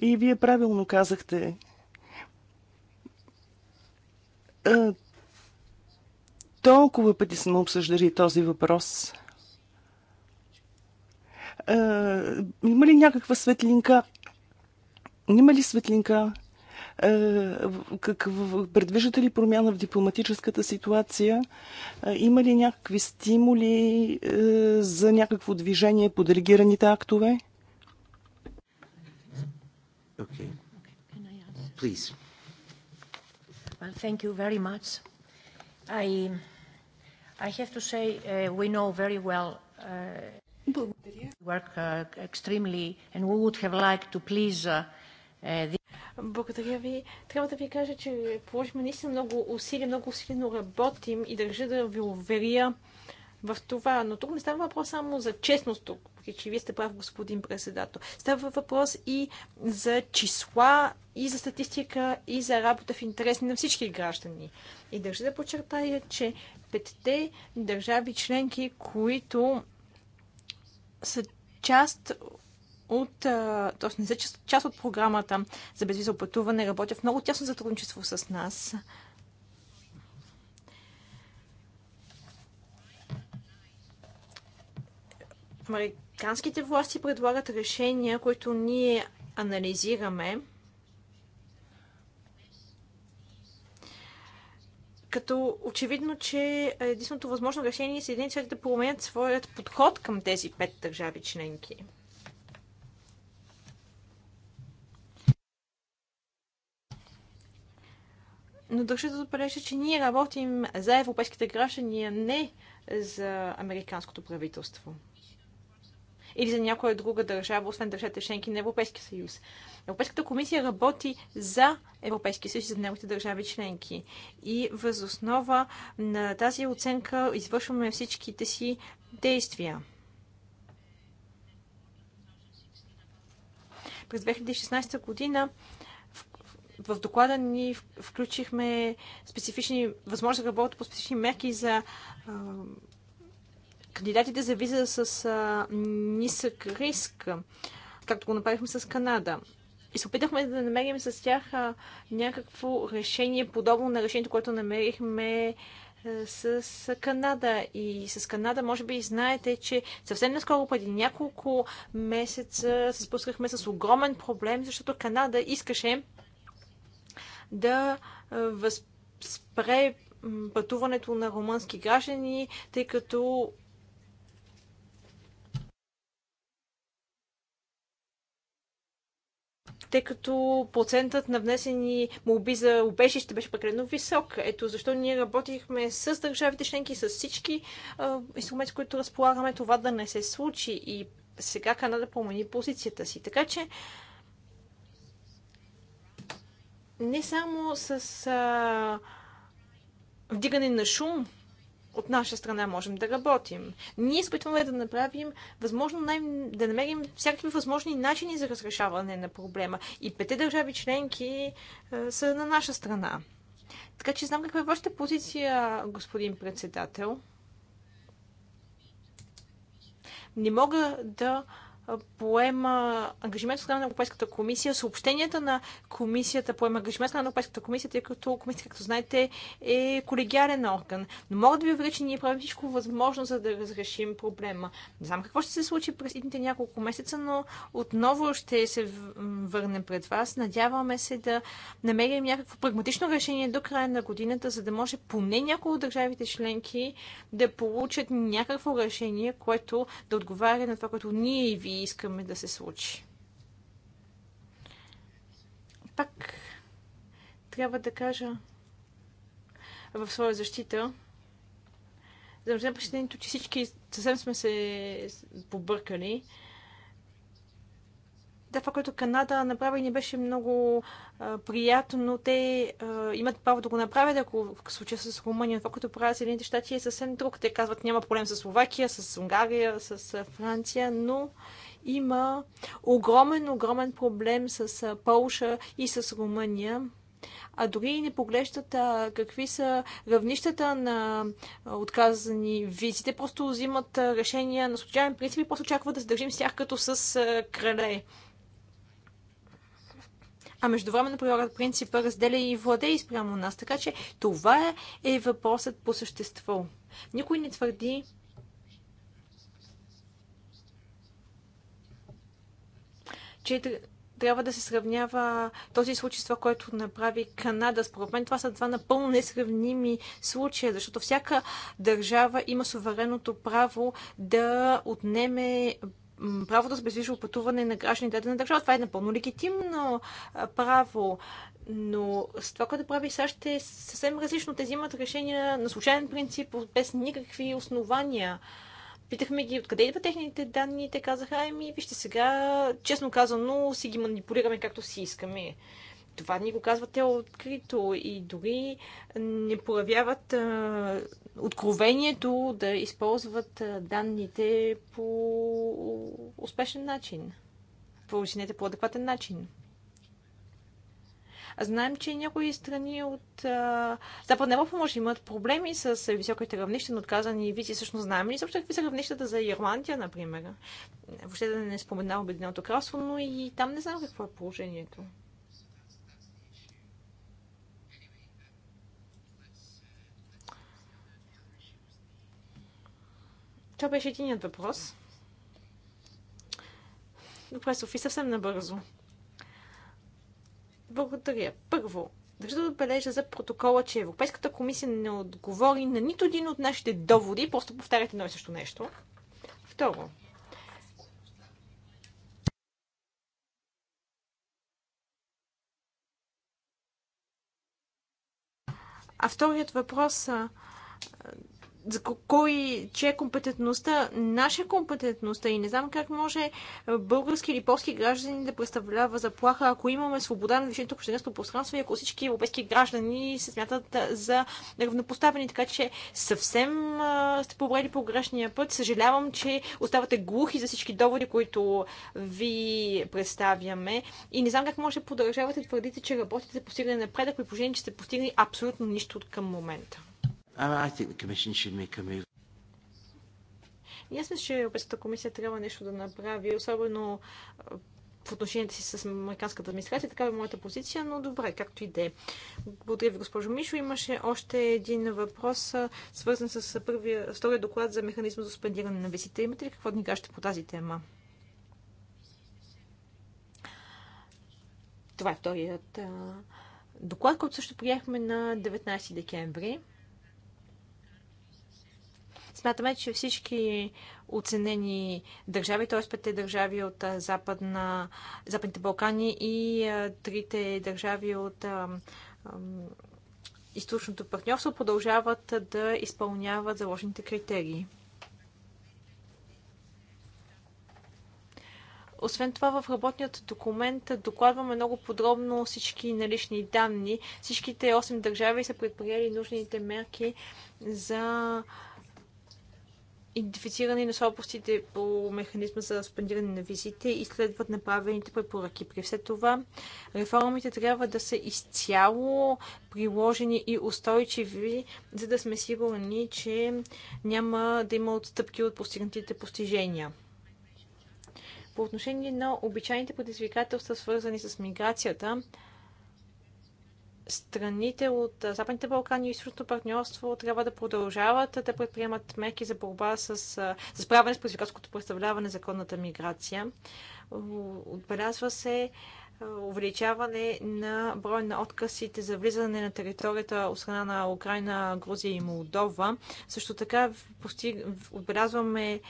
И вие правилно казахте. толкова пъти сме обсъждали този въпрос. Е, има ли някаква светлинка? Има ли светлинка? Е, предвиждате ли промяна в дипломатическата ситуация? Е, има ли някакви стимули за някакво движение по делегираните актове? Okay. Please. Well, thank you very much. I, I have to say uh, we know very well uh, благодаря. Uh, uh, uh, Благодаря ви. Трябва да ви кажа, че положихме наистина много усилия, много усилено работим и държа да ви уверя в това. Но тук не става въпрос само за честност, тук, че вие сте прав, господин председател. Става въпрос и за числа, и за статистика, и за работа в интерес на всички граждани. И държа да подчертая, че петте държави членки, които са част от, т.е. не са част от програмата за безвизово пътуване, работят в много тясно сътрудничество с нас. Американските власти предлагат решения, които ние анализираме. като очевидно, че единственото възможно решение е Съединените щати да променят своят подход към тези пет държави членки. Но държа да отбележа, че ние работим за европейските граждани, а не за американското правителство. Или за някоя друга държава, освен държавите членки на Европейския съюз. Европейската комисия работи за Европейския съюз и за неговите държави членки. И възоснова на тази оценка извършваме всичките си действия. През 2016 година в доклада ни включихме специфични възможности да работят по специфични мерки за а, кандидатите за виза с а, нисък риск, както го направихме с Канада и се опитахме да намерим с тях а, някакво решение, подобно на решението, което намерихме е, с Канада. И с Канада, може би, знаете, че съвсем наскоро, преди няколко месеца, се спускахме с огромен проблем, защото Канада искаше да възпре пътуването на румънски граждани, тъй като тъй като процентът на внесени молби за убежище беше прекалено висок. Ето защо ние работихме с държавите членки, с всички инструменти, които разполагаме, това да не се случи. И сега Канада промени позицията си. Така че не само с а, вдигане на шум от наша страна можем да работим. Ние изпитваме да направим възможно най- да намерим всякакви възможни начини за разрешаване на проблема. И пете държави членки е, са на наша страна. Така че знам каква е вашата позиция, господин председател. Не мога да поема ангажимент от страна на Европейската комисия. Съобщенията на комисията поема ангажимент от страна на Европейската комисия, тъй като комисията, както знаете, е колегиален орган. Но мога да ви уверя, че ние правим всичко възможно, за да разрешим проблема. Не знам какво ще се случи през едните няколко месеца, но отново ще се върнем пред вас. Надяваме се да намерим някакво прагматично решение до края на годината, за да може поне някои от държавите членки да получат някакво решение, което да отговаря на това, което ние и вие искаме да се случи. Пак трябва да кажа в своя защита, за впечатлението, че всички съвсем сме се побъркали. Да, това, което Канада направи, не беше много а, приятно, но те а, имат право да го направят, ако в случая с Румъния. Това, което правят Съединените щати е съвсем друг. Те казват, няма проблем с Словакия, с Унгария, с Франция, но има огромен, огромен проблем с Полша и с Румъния. А дори не поглеждат а, какви са равнищата на а, отказани визи. Те просто взимат а, решения на случайен принцип и просто очакват да се държим с тях като с а, крале а междувременно прилагат принципа разделя и владее спрямо нас. Така че това е въпросът по същество. Никой не твърди, че трябва да се сравнява този случай с това, което направи Канада. Според мен това са два напълно несравними случая, защото всяка държава има суверенното право да отнеме правото с безвизово пътуване на гражданите на държава. Това е напълно легитимно право, но с това, което прави САЩ е съвсем различно. Те взимат решения на случайен принцип, без никакви основания. Питахме ги откъде идват техните данни и те казаха, ами вижте сега, честно казано, си ги манипулираме както си искаме. Това ни го казват тя открито и дори не проявяват а, откровението да използват данните по успешен начин. По, по адекватен начин. Знаем, че някои страни от а, Западна Европа може да имат проблеми с високите равнища на отказани визи. Всъщност знаем ли също какви са равнищата за Ирландия, например? Въобще да не споменавам Обединеното кралство, но и там не знам какво е положението. Това беше единият въпрос. Добре, Софи, съвсем набързо. Благодаря. Първо, държа да отбележа за протокола, че Европейската комисия не отговори на нито един от нашите доводи, просто повтаряте едно и също нещо. Второ, А вторият въпрос за кой, че е компетентността, наша е компетентността и не знам как може български или полски граждани да представлява заплаха, ако имаме свобода на движението в общественото пространство и ако всички европейски граждани се смятат за равнопоставени. Така че съвсем а, сте побрали по грешния път. Съжалявам, че оставате глухи за всички доводи, които ви представяме. И не знам как може да продължавате твърдите, че работите за постигане на напредък, при положение, че сте постигнали абсолютно нищо от към момента. I think the Commission should make a move. И аз мисля, че Европейската комисия трябва нещо да направи, особено в отношенията си с американската администрация. Такава е моята позиция, но добре, както и да е. Благодаря ви, госпожо Мишо. Имаше още един въпрос, свързан с първия, втория доклад за механизма за спендиране на висите. Имате ли какво да ни кажете по тази тема? Това е вторият доклад, който също приехме на 19 декември. Смятаме, че всички оценени държави, т.е. петте държави от Западна, Западните Балкани и трите държави от източното партньорство продължават да изпълняват заложените критерии. Освен това, в работният документ докладваме много подробно всички налични данни. Всичките 8 държави са предприели нужните мерки за идентифициране на слабостите по механизма за спандиране на визите и следват направените препоръки. При все това, реформите трябва да са изцяло приложени и устойчиви, за да сме сигурни, че няма да има отстъпки от постигнатите постижения. По отношение на обичайните предизвикателства, свързани с миграцията, страните от Западните Балкани и Източното партньорство трябва да продължават да предприемат мерки за борба с, за справяне с предизвикателското представляване законната миграция. Отбелязва се увеличаване на брой на откъсите за влизане на територията от страна на Украина, Грузия и Молдова. Също така постиг... отбелязваме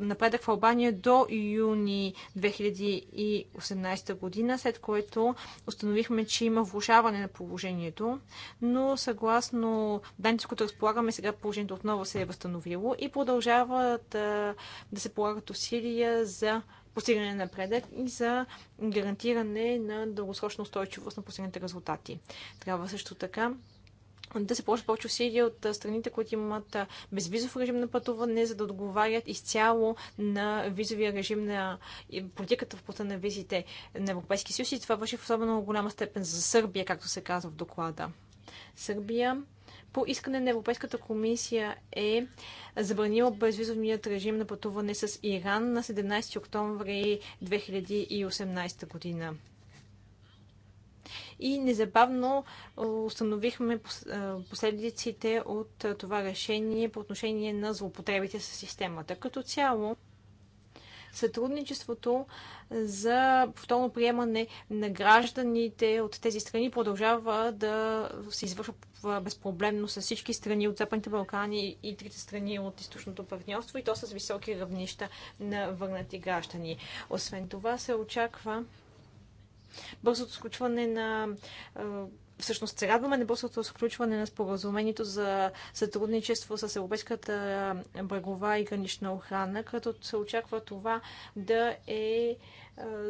напредък в Албания до юни 2018 година, след което установихме, че има влушаване на положението, но съгласно данните, които разполагаме, сега положението отново се е възстановило и продължават да, да се полагат усилия за постигане на напредък и за гарантиране на дългосрочна устойчивост на постигнатите резултати. Трябва също така да се положат повече усилия от страните, които имат безвизов режим на пътуване, за да отговарят изцяло на визовия режим на политиката в пута на визите на Европейския съюз и това върши в особено голяма степен за Сърбия, както се казва в доклада. Сърбия по искане на Европейската комисия е забранила безвизовният режим на пътуване с Иран на 17 октомври 2018 година. И незабавно установихме последиците от това решение по отношение на злоупотребите с системата. Като цяло, сътрудничеството за повторно приемане на гражданите от тези страни продължава да се извършва безпроблемно с всички страни от Западните Балкани и трите страни от източното партньорство и то с високи равнища на върнати граждани. Освен това се очаква бързото сключване на всъщност се радваме на бързото сключване на споразумението за сътрудничество с Европейската брегова и гранична охрана, като се очаква това да е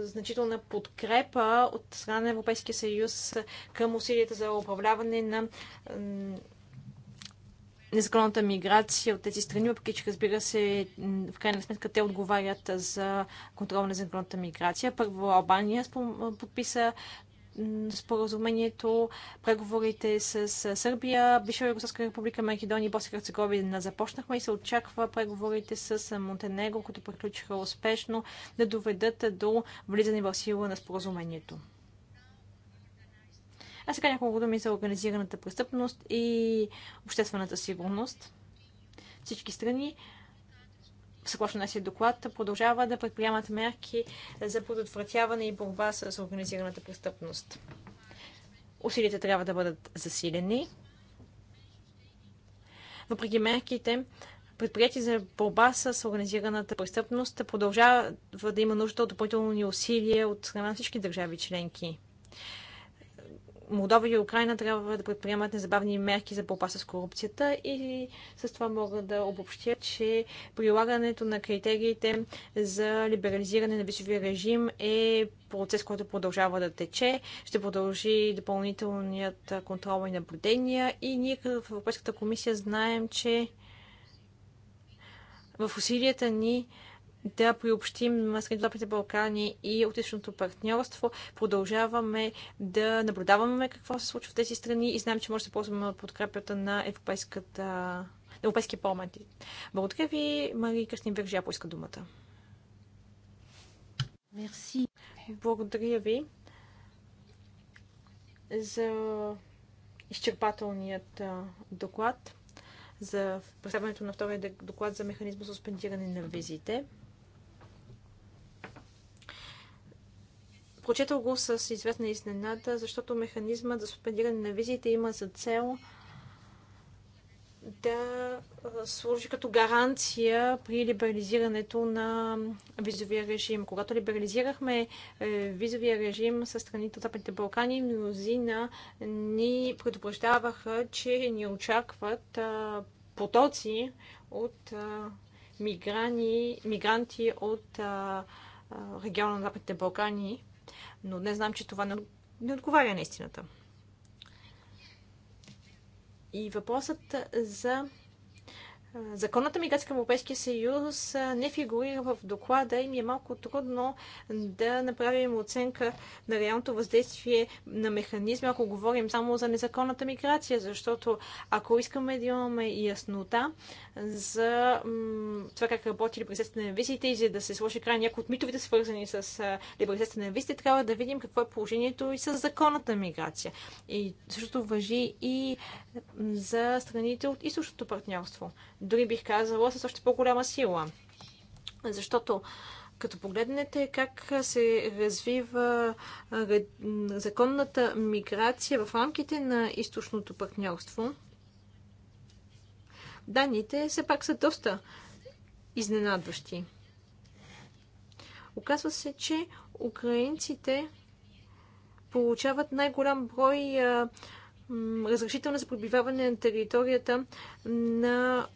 значителна подкрепа от страна на Европейския съюз към усилията за управляване на незаконната миграция от тези страни, въпреки че, разбира се, в крайна сметка те отговарят за контрол на незаконната миграция. Първо Албания подписа споразумението, преговорите с Сърбия, Бивша Югославска република, Македония и Босна Херцеговина започнахме и се очаква преговорите с Монтенегро, които приключиха успешно, да доведат до влизане в сила на споразумението. А сега няколко думи за организираната престъпност и обществената сигурност. Всички страни съгласно нашия доклад, продължава да предприемат мерки за предотвратяване и борба с организираната престъпност. Усилите трябва да бъдат засилени. Въпреки мерките, предприяти за борба с организираната престъпност продължава да има нужда от допълнителни усилия от страна на всички държави членки. Молдова и Украина трябва да предприемат незабавни мерки за борба с корупцията и с това мога да обобщя, че прилагането на критериите за либерализиране на висовия режим е процес, който продължава да тече. Ще продължи допълнителният контрол и наблюдения и ние в Европейската комисия знаем, че в усилията ни да приобщим Западните Балкани и отличното партньорство. Продължаваме да наблюдаваме какво се случва в тези страни и знаем, че може да се ползваме подкрепята на Европейската Европейския парламент. Благодаря ви, Мария Кристин Вержия поиска думата. Мерси. Благодаря ви за изчерпателният доклад за представянето на втория доклад за механизма за суспендиране на визите. Прочетал го с известна изненада, защото механизма за суспендиране на визите има за цел да служи като гаранция при либерализирането на визовия режим. Когато либерализирахме е, визовия режим с страните от Западните Балкани, мнозина ни предупреждаваха, че ни очакват потоци от миграни, мигранти от региона на Западните Балкани. Но днес знам, че това не, не отговаря на истината. И въпросът за Законната миграция към Европейския съюз не фигурира в доклада и ми е малко трудно да направим оценка на реалното въздействие на механизма, ако говорим само за незаконната миграция, защото ако искаме да имаме яснота за това как работи либерализацията на визите и за да се сложи край някои от митовите, свързани с либерализацията на визите, трябва да видим какво е положението и с законната миграция. И същото въжи и за страните от източното партньорство дори бих казала с още по-голяма сила. Защото като погледнете как се развива законната миграция в рамките на източното партньорство, данните все пак са доста изненадващи. Оказва се, че украинците получават най-голям брой разрешителна за пребиваване на територията на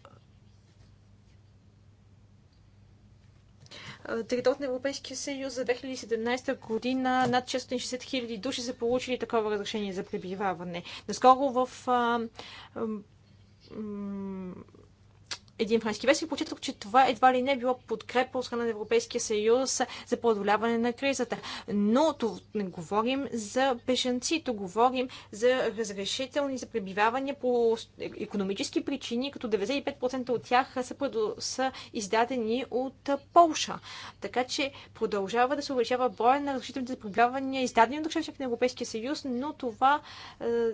територията на Европейския съюз за 2017 година над 660 хиляди души са получили такова разрешение за пребиваване. Наскоро в един френски вестник, почитах, че това едва ли не е било подкрепа от страна на Европейския съюз за преодоляване на кризата. Но тук не говорим за бежанци, то говорим за разрешителни за пребиваване по економически причини, като 95% от тях са, предо... са издадени от Полша. Така че продължава да се увеличава броя на разрешителните за пребивавания, издадени от държавите на Европейския съюз, но това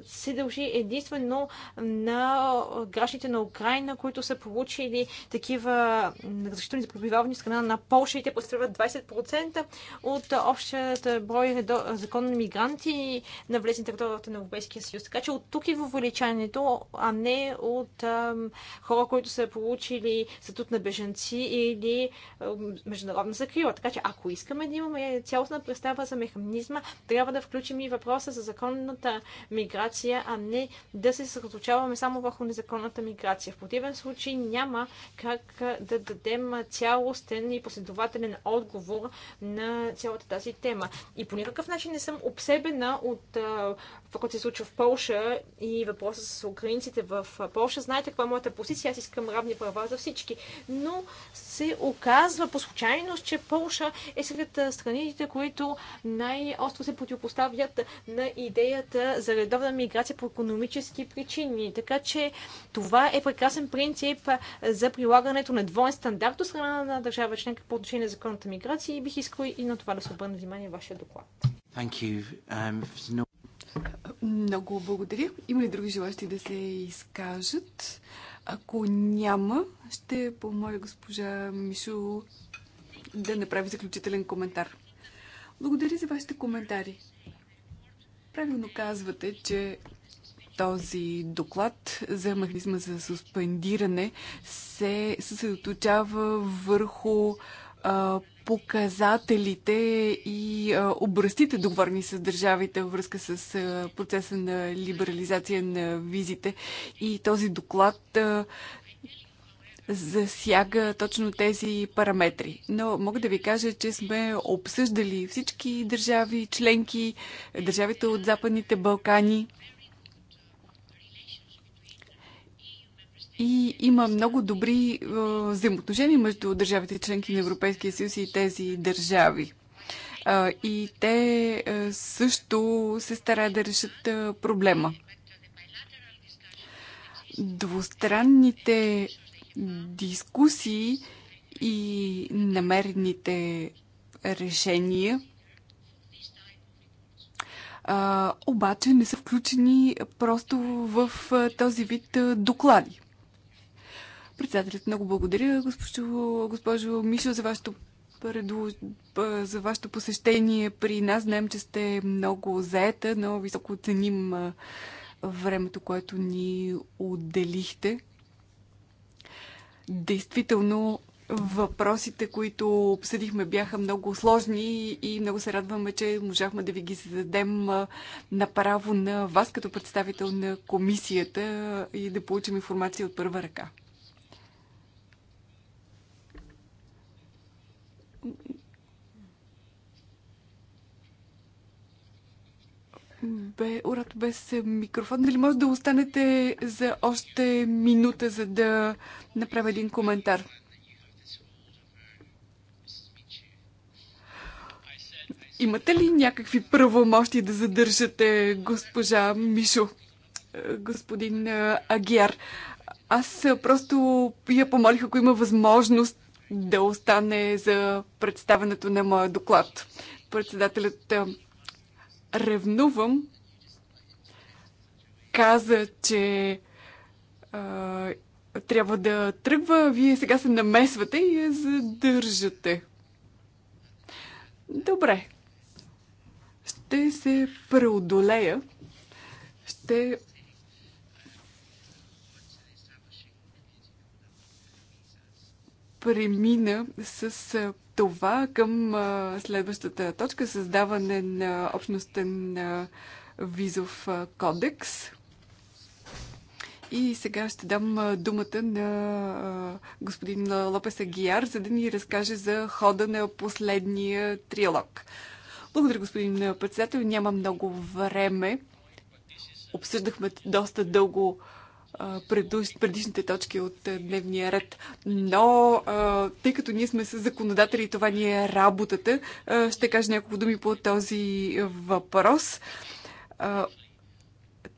се дължи единствено на гражданите на Украина, които са получили получили такива разрешителни за пребиваване страна на Польша и те представляват 20% от общият брой законни мигранти на влезни територията на Европейския съюз. Така че от тук в увеличането, а не от ам, хора, които са получили статут на беженци или ам, международна закрила. Така че ако искаме да имаме цялостна представа за механизма, трябва да включим и въпроса за законната миграция, а не да се съсредоточаваме само върху незаконната миграция. В противен случай няма няма как да дадем цялостен и последователен отговор на цялата тази тема. И по никакъв начин не съм обсебена от това, което се случва в Полша и въпроса с украинците в Полша. Знаете каква е моята позиция, аз искам равни права за всички. Но се оказва по случайност, че Полша е сред страните, които най-остро се противопоставят на идеята за редовна миграция по економически причини. Така че това е прекрасен принцип за прилагането на двоен стандарт от страна на държава членка по отношение на законната миграция и бих искал и на това да се обърна внимание в вашия доклад. Um, Много благодаря. Има ли други желащи да се изкажат? Ако няма, ще помоля госпожа Мишо да направи заключителен коментар. Благодаря за вашите коментари. Правилно казвате, че този доклад за механизма за суспендиране се съсредоточава върху а, показателите и а, образците, договорни с държавите във връзка с а, процеса на либерализация на визите. И този доклад а, засяга точно тези параметри. Но мога да ви кажа, че сме обсъждали всички държави, членки, държавите от Западните Балкани – И има много добри е, взаимоотношения между държавите членки на Европейския съюз и тези държави. Е, и те е, също се стараят да решат проблема. Двустранните дискусии и намерените решения а, обаче не са включени просто в а, този вид а, доклади. Председателят, много благодаря, госпожо, госпожо Мишо, за вашето за вашето посещение при нас. Знаем, че сте много заета, но високо ценим времето, което ни отделихте. Действително, въпросите, които обсъдихме, бяха много сложни и много се радваме, че можахме да ви ги зададем направо на вас като представител на комисията и да получим информация от първа ръка. бе урат без микрофон. Дали може да останете за още минута, за да направя един коментар? Имате ли някакви правомощи да задържате госпожа Мишо, е, господин е, Агиар? Аз е, просто я помолих, ако има възможност да остане за представенето на моя доклад. Председателят ревнувам. Каза, че а, трябва да тръгва, вие сега се намесвате и я задържате. Добре. Ще се преодолея. Ще премина с това към следващата точка създаване на общностен визов кодекс. И сега ще дам думата на господин Лопес Агияр, за да ни разкаже за хода на последния триалог. Благодаря, господин председател. Няма много време. Обсъждахме доста дълго предишните точки от е, дневния ред. Но, тъй като ние сме с законодатели и това ни е работата, ще кажа няколко думи по този въпрос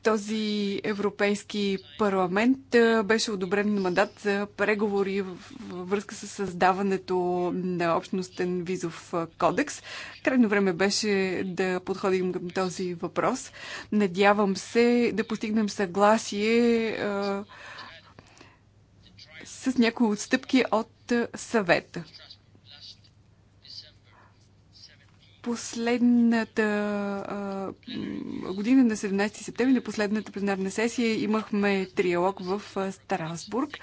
този Европейски парламент беше одобрен мандат за преговори във връзка с създаването на общностен визов кодекс. Крайно време беше да подходим към този въпрос. Надявам се да постигнем съгласие а, с някои отстъпки от съвета. последната а, година на 17 септември, на последната пленарна сесия, имахме триалог в Страсбург.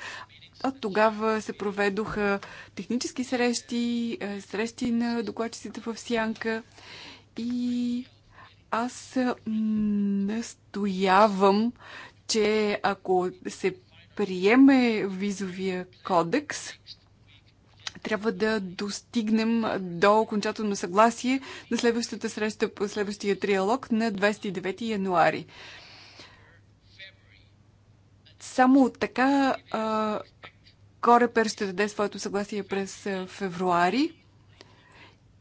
От тогава се проведоха технически срещи, срещи на докладчиците в Сянка и аз настоявам, че ако се приеме визовия кодекс, трябва да достигнем до окончателно съгласие на следващата среща, по следващия триалог на 29 януари. Само така Корепер ще даде своето съгласие през февруари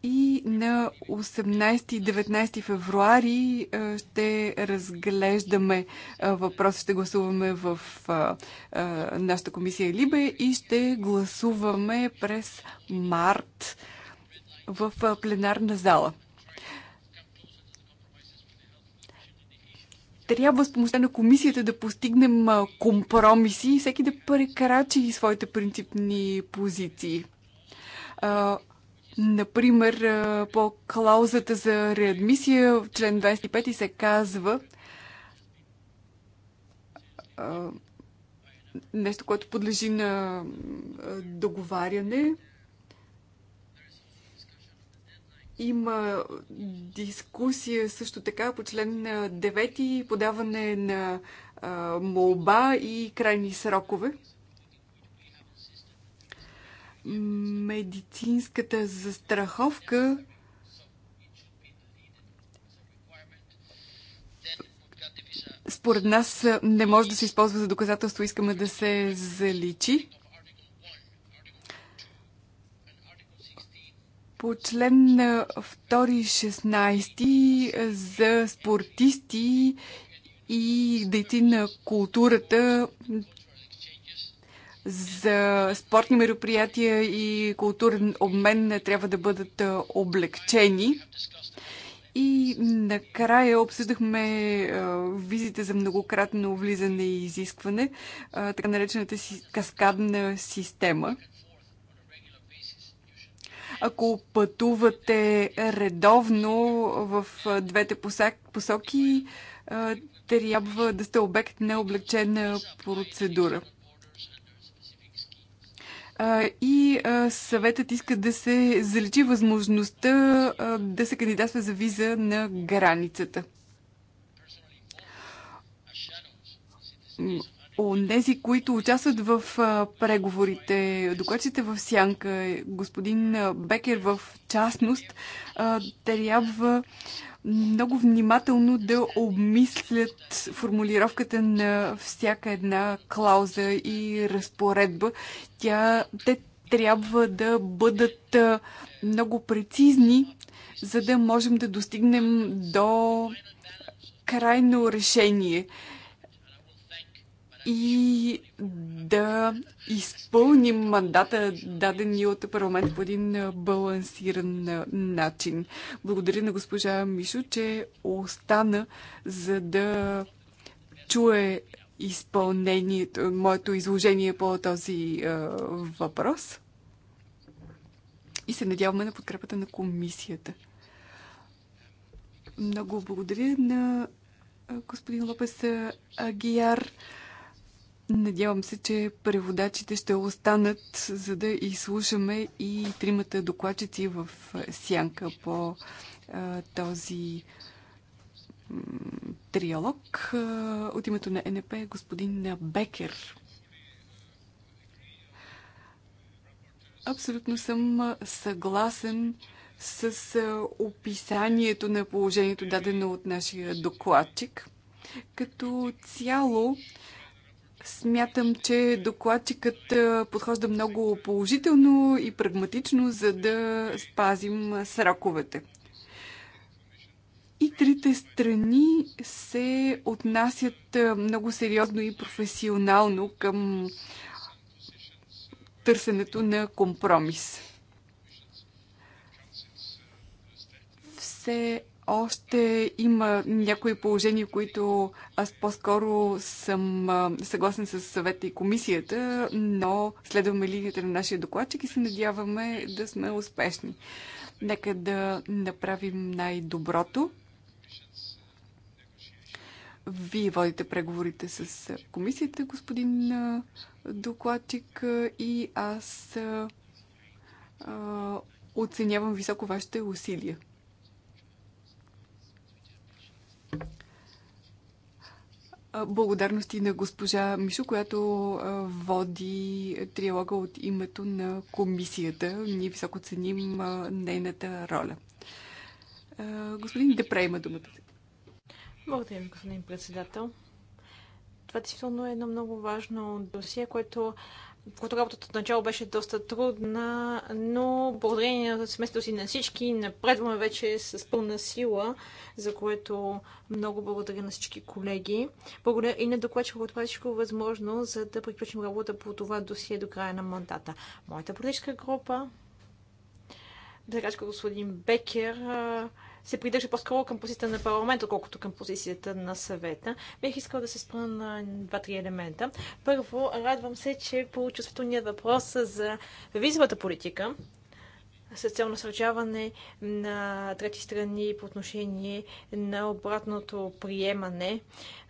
и на 18 и 19 февруари ще разглеждаме въпрос, ще гласуваме в нашата комисия Либе и ще гласуваме през март в пленарна зала. трябва с помощта на комисията да постигнем компромиси и всеки да прекрачи своите принципни позиции. Например, по клаузата за реадмисия в член 25 се казва нещо, което подлежи на договаряне. Има дискусия също така по член 9 подаване на молба и крайни срокове медицинската застраховка според нас не може да се използва за доказателство, искаме да се заличи. По член 2.16 за спортисти и дейци на културата за спортни мероприятия и културен обмен трябва да бъдат облегчени. И накрая обсъждахме визите за многократно влизане и изискване, така наречената си, каскадна система. Ако пътувате редовно в двете посоки, трябва да сте обект на облегчена процедура и съветът иска да се заличи възможността да се кандидатства за виза на границата. Онези, които участват в преговорите, докладчите в Сянка, господин Бекер в частност, трябва много внимателно да обмислят формулировката на всяка една клауза и разпоредба. Тя, те трябва да бъдат много прецизни, за да можем да достигнем до крайно решение и да изпълним мандата, даден ни от парламент по един балансиран начин. Благодаря на госпожа Мишо, че остана за да чуе изпълнението, моето изложение по този а, въпрос. И се надяваме на подкрепата на комисията. Много благодаря на господин Лопес Агияр. Надявам се, че преводачите ще останат, за да изслушаме и тримата докладчици в е, сянка по а, е, този триалог. Е, от името на НП господин Бекер. Абсолютно съм съгласен с описанието на положението, дадено от нашия докладчик. Като цяло, Смятам, че докладчикът подхожда много положително и прагматично, за да спазим сроковете. И трите страни се отнасят много сериозно и професионално към търсенето на компромис. Все още има някои положения, които аз по-скоро съм съгласен с съвета и комисията, но следваме линията на нашия докладчик и се надяваме да сме успешни. Нека да направим най-доброто. Вие водите преговорите с комисията, господин докладчик, и аз оценявам високо вашите усилия. Благодарности на госпожа Мишо, която води триалога от името на комисията. Ние високо ценим нейната роля. Господин Депре има думата. Благодаря ви, господин председател. Това действително е едно много важно досие, което когато работата от начало беше доста трудна, но благодарение на семейството си на всички напредваме вече с пълна сила, за което много благодаря на всички колеги. Благодаря и на докладчика прави всичко възможно, за да приключим работа по това досие до края на мандата. Моята политическа група, да господин Бекер, се придържа по-скоро към позицията на парламента, колкото към позицията на съвета. Бих искал да се спра на два-три елемента. Първо, радвам се, че по чувствителният въпрос за визовата политика, с цел насърчаване на трети страни по отношение на обратното приемане.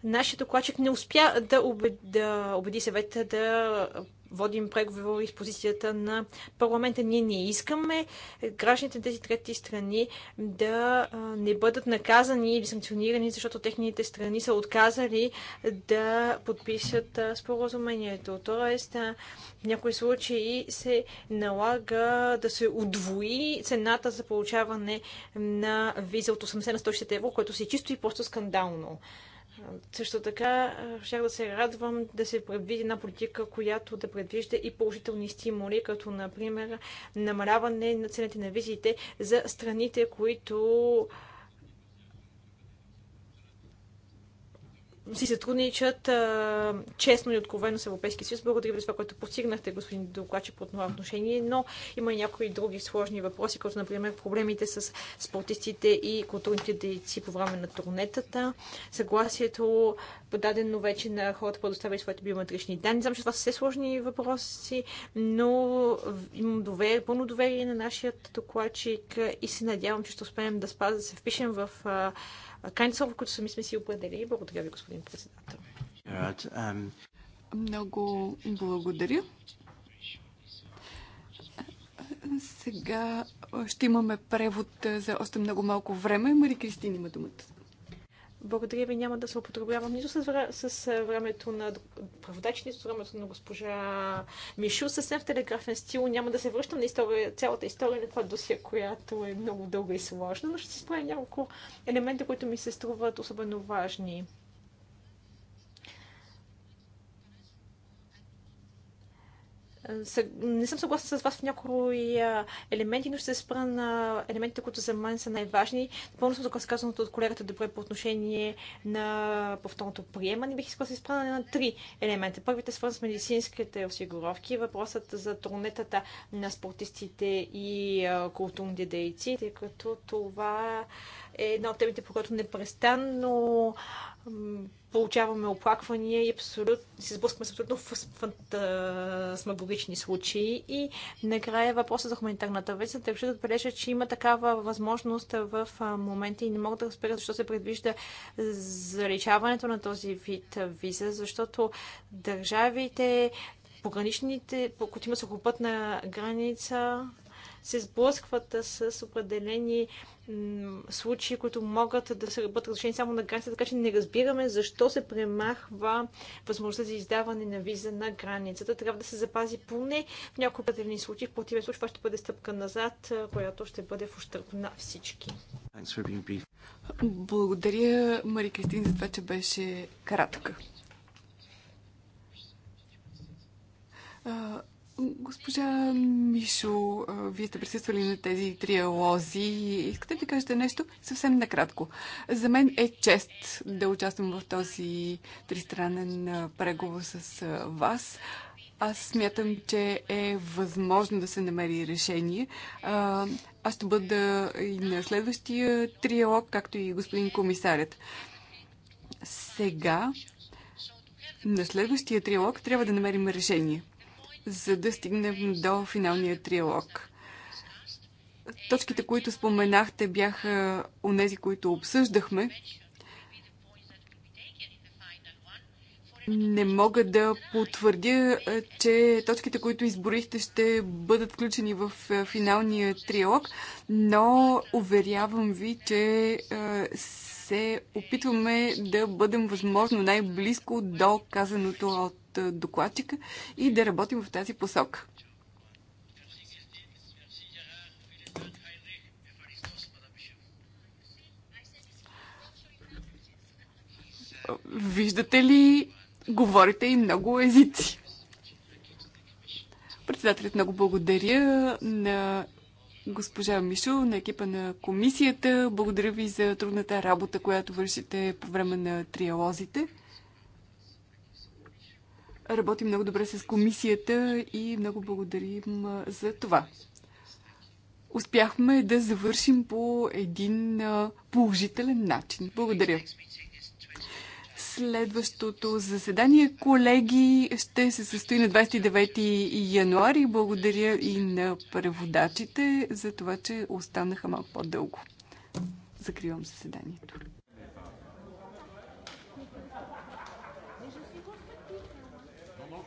Нашият докладчик не успя да убеди, да убеди съвета да водим преговори с позицията на парламента. Ние не искаме гражданите на тези трети страни да не бъдат наказани или санкционирани, защото техните страни са отказали да подпишат споразумението. Тоест, в някои случаи се налага да се удвои цената за получаване на виза от 80 на 160 евро, което си е чисто и просто скандално. Също така, щях да се радвам да се предвиди една политика, която да предвижда и положителни стимули, като, например, намаляване на цените на визите за страните, които си сътрудничат а, честно и откровено с Европейския съюз. Благодаря ви за това, което постигнахте, господин Докладчик, по това отношение, но има и някои други сложни въпроси, като, например, проблемите с спортистите и културните дейци по време на турнетата, съгласието, подадено вече на хората, предоставили своите биометрични данни. Знам, че това са все сложни въпроси, но имам доверие, пълно доверие на нашия докладчик и се надявам, че ще успеем да спазим, да се впишем в а, крайни които сами сме си определили. Благодаря ви, господин господин председател. Um, много благодаря. Сега ще имаме превод за още много малко време. Мари Кристин има думата. Благодаря ви, няма да се употребявам нито с, с е, времето на преводач, нито с времето на госпожа Мишу. Съвсем в телеграфен стил няма да се връщам на история, цялата история на това досия, която е много дълга и сложна, но ще се справя няколко елемента, които ми се струват особено важни. не съм съгласна с вас в някои елементи, но ще се спра на елементите, които за мен са най-важни. Напълно съм съгласна казаното от колегата добре по отношение на повторното приемане. Бих искала да се спра на три елемента. Първите свързани с медицинските осигуровки, въпросът за тронетата на спортистите и културните дейци, тъй като това е една от темите, по която непрестанно получаваме оплаквания и абсолютно се сблъскваме с абсолютно фантасмагогични случаи. И накрая въпроса за хуманитарната виза. Държа да отбележа, че има такава възможност в момента и не мога да разбера защо се предвижда заличаването на този вид виза, защото държавите, пограничните, които имат сухопътна граница, се сблъскват с определени случаи, които могат да се бъдат разрешени само на граница, така че не разбираме защо се премахва възможността за издаване на виза на границата. Трябва да се запази поне в някои определени случаи. В противен случай това ще бъде стъпка назад, която ще бъде в ущърп на всички. Благодаря, Мари Кристин, за това, че беше кратка. Госпожа Мишо, вие сте присъствали на тези триалози. Искате да кажете нещо съвсем накратко? За мен е чест да участвам в този тристранен преговор с вас. Аз смятам, че е възможно да се намери решение. Аз ще бъда и на следващия триалог, както и господин комисарят. Сега, на следващия триалог, трябва да намерим решение за да стигнем до финалния триалог. Точките, които споменахте, бяха онези, които обсъждахме. Не мога да потвърдя, че точките, които изборихте, ще бъдат включени в финалния триалог, но уверявам ви, че се опитваме да бъдем възможно най-близко до казаното от докладчика и да работим в тази посока. Виждате ли, говорите и много езици. Председателят много благодаря на госпожа Мишо, на екипа на комисията. Благодаря ви за трудната работа, която вършите по време на триалозите. Работи много добре с комисията и много благодарим за това. Успяхме да завършим по един положителен начин. Благодаря. Следващото заседание, колеги, ще се състои на 29 януари. Благодаря и на преводачите за това, че останаха малко по-дълго. Закривам заседанието.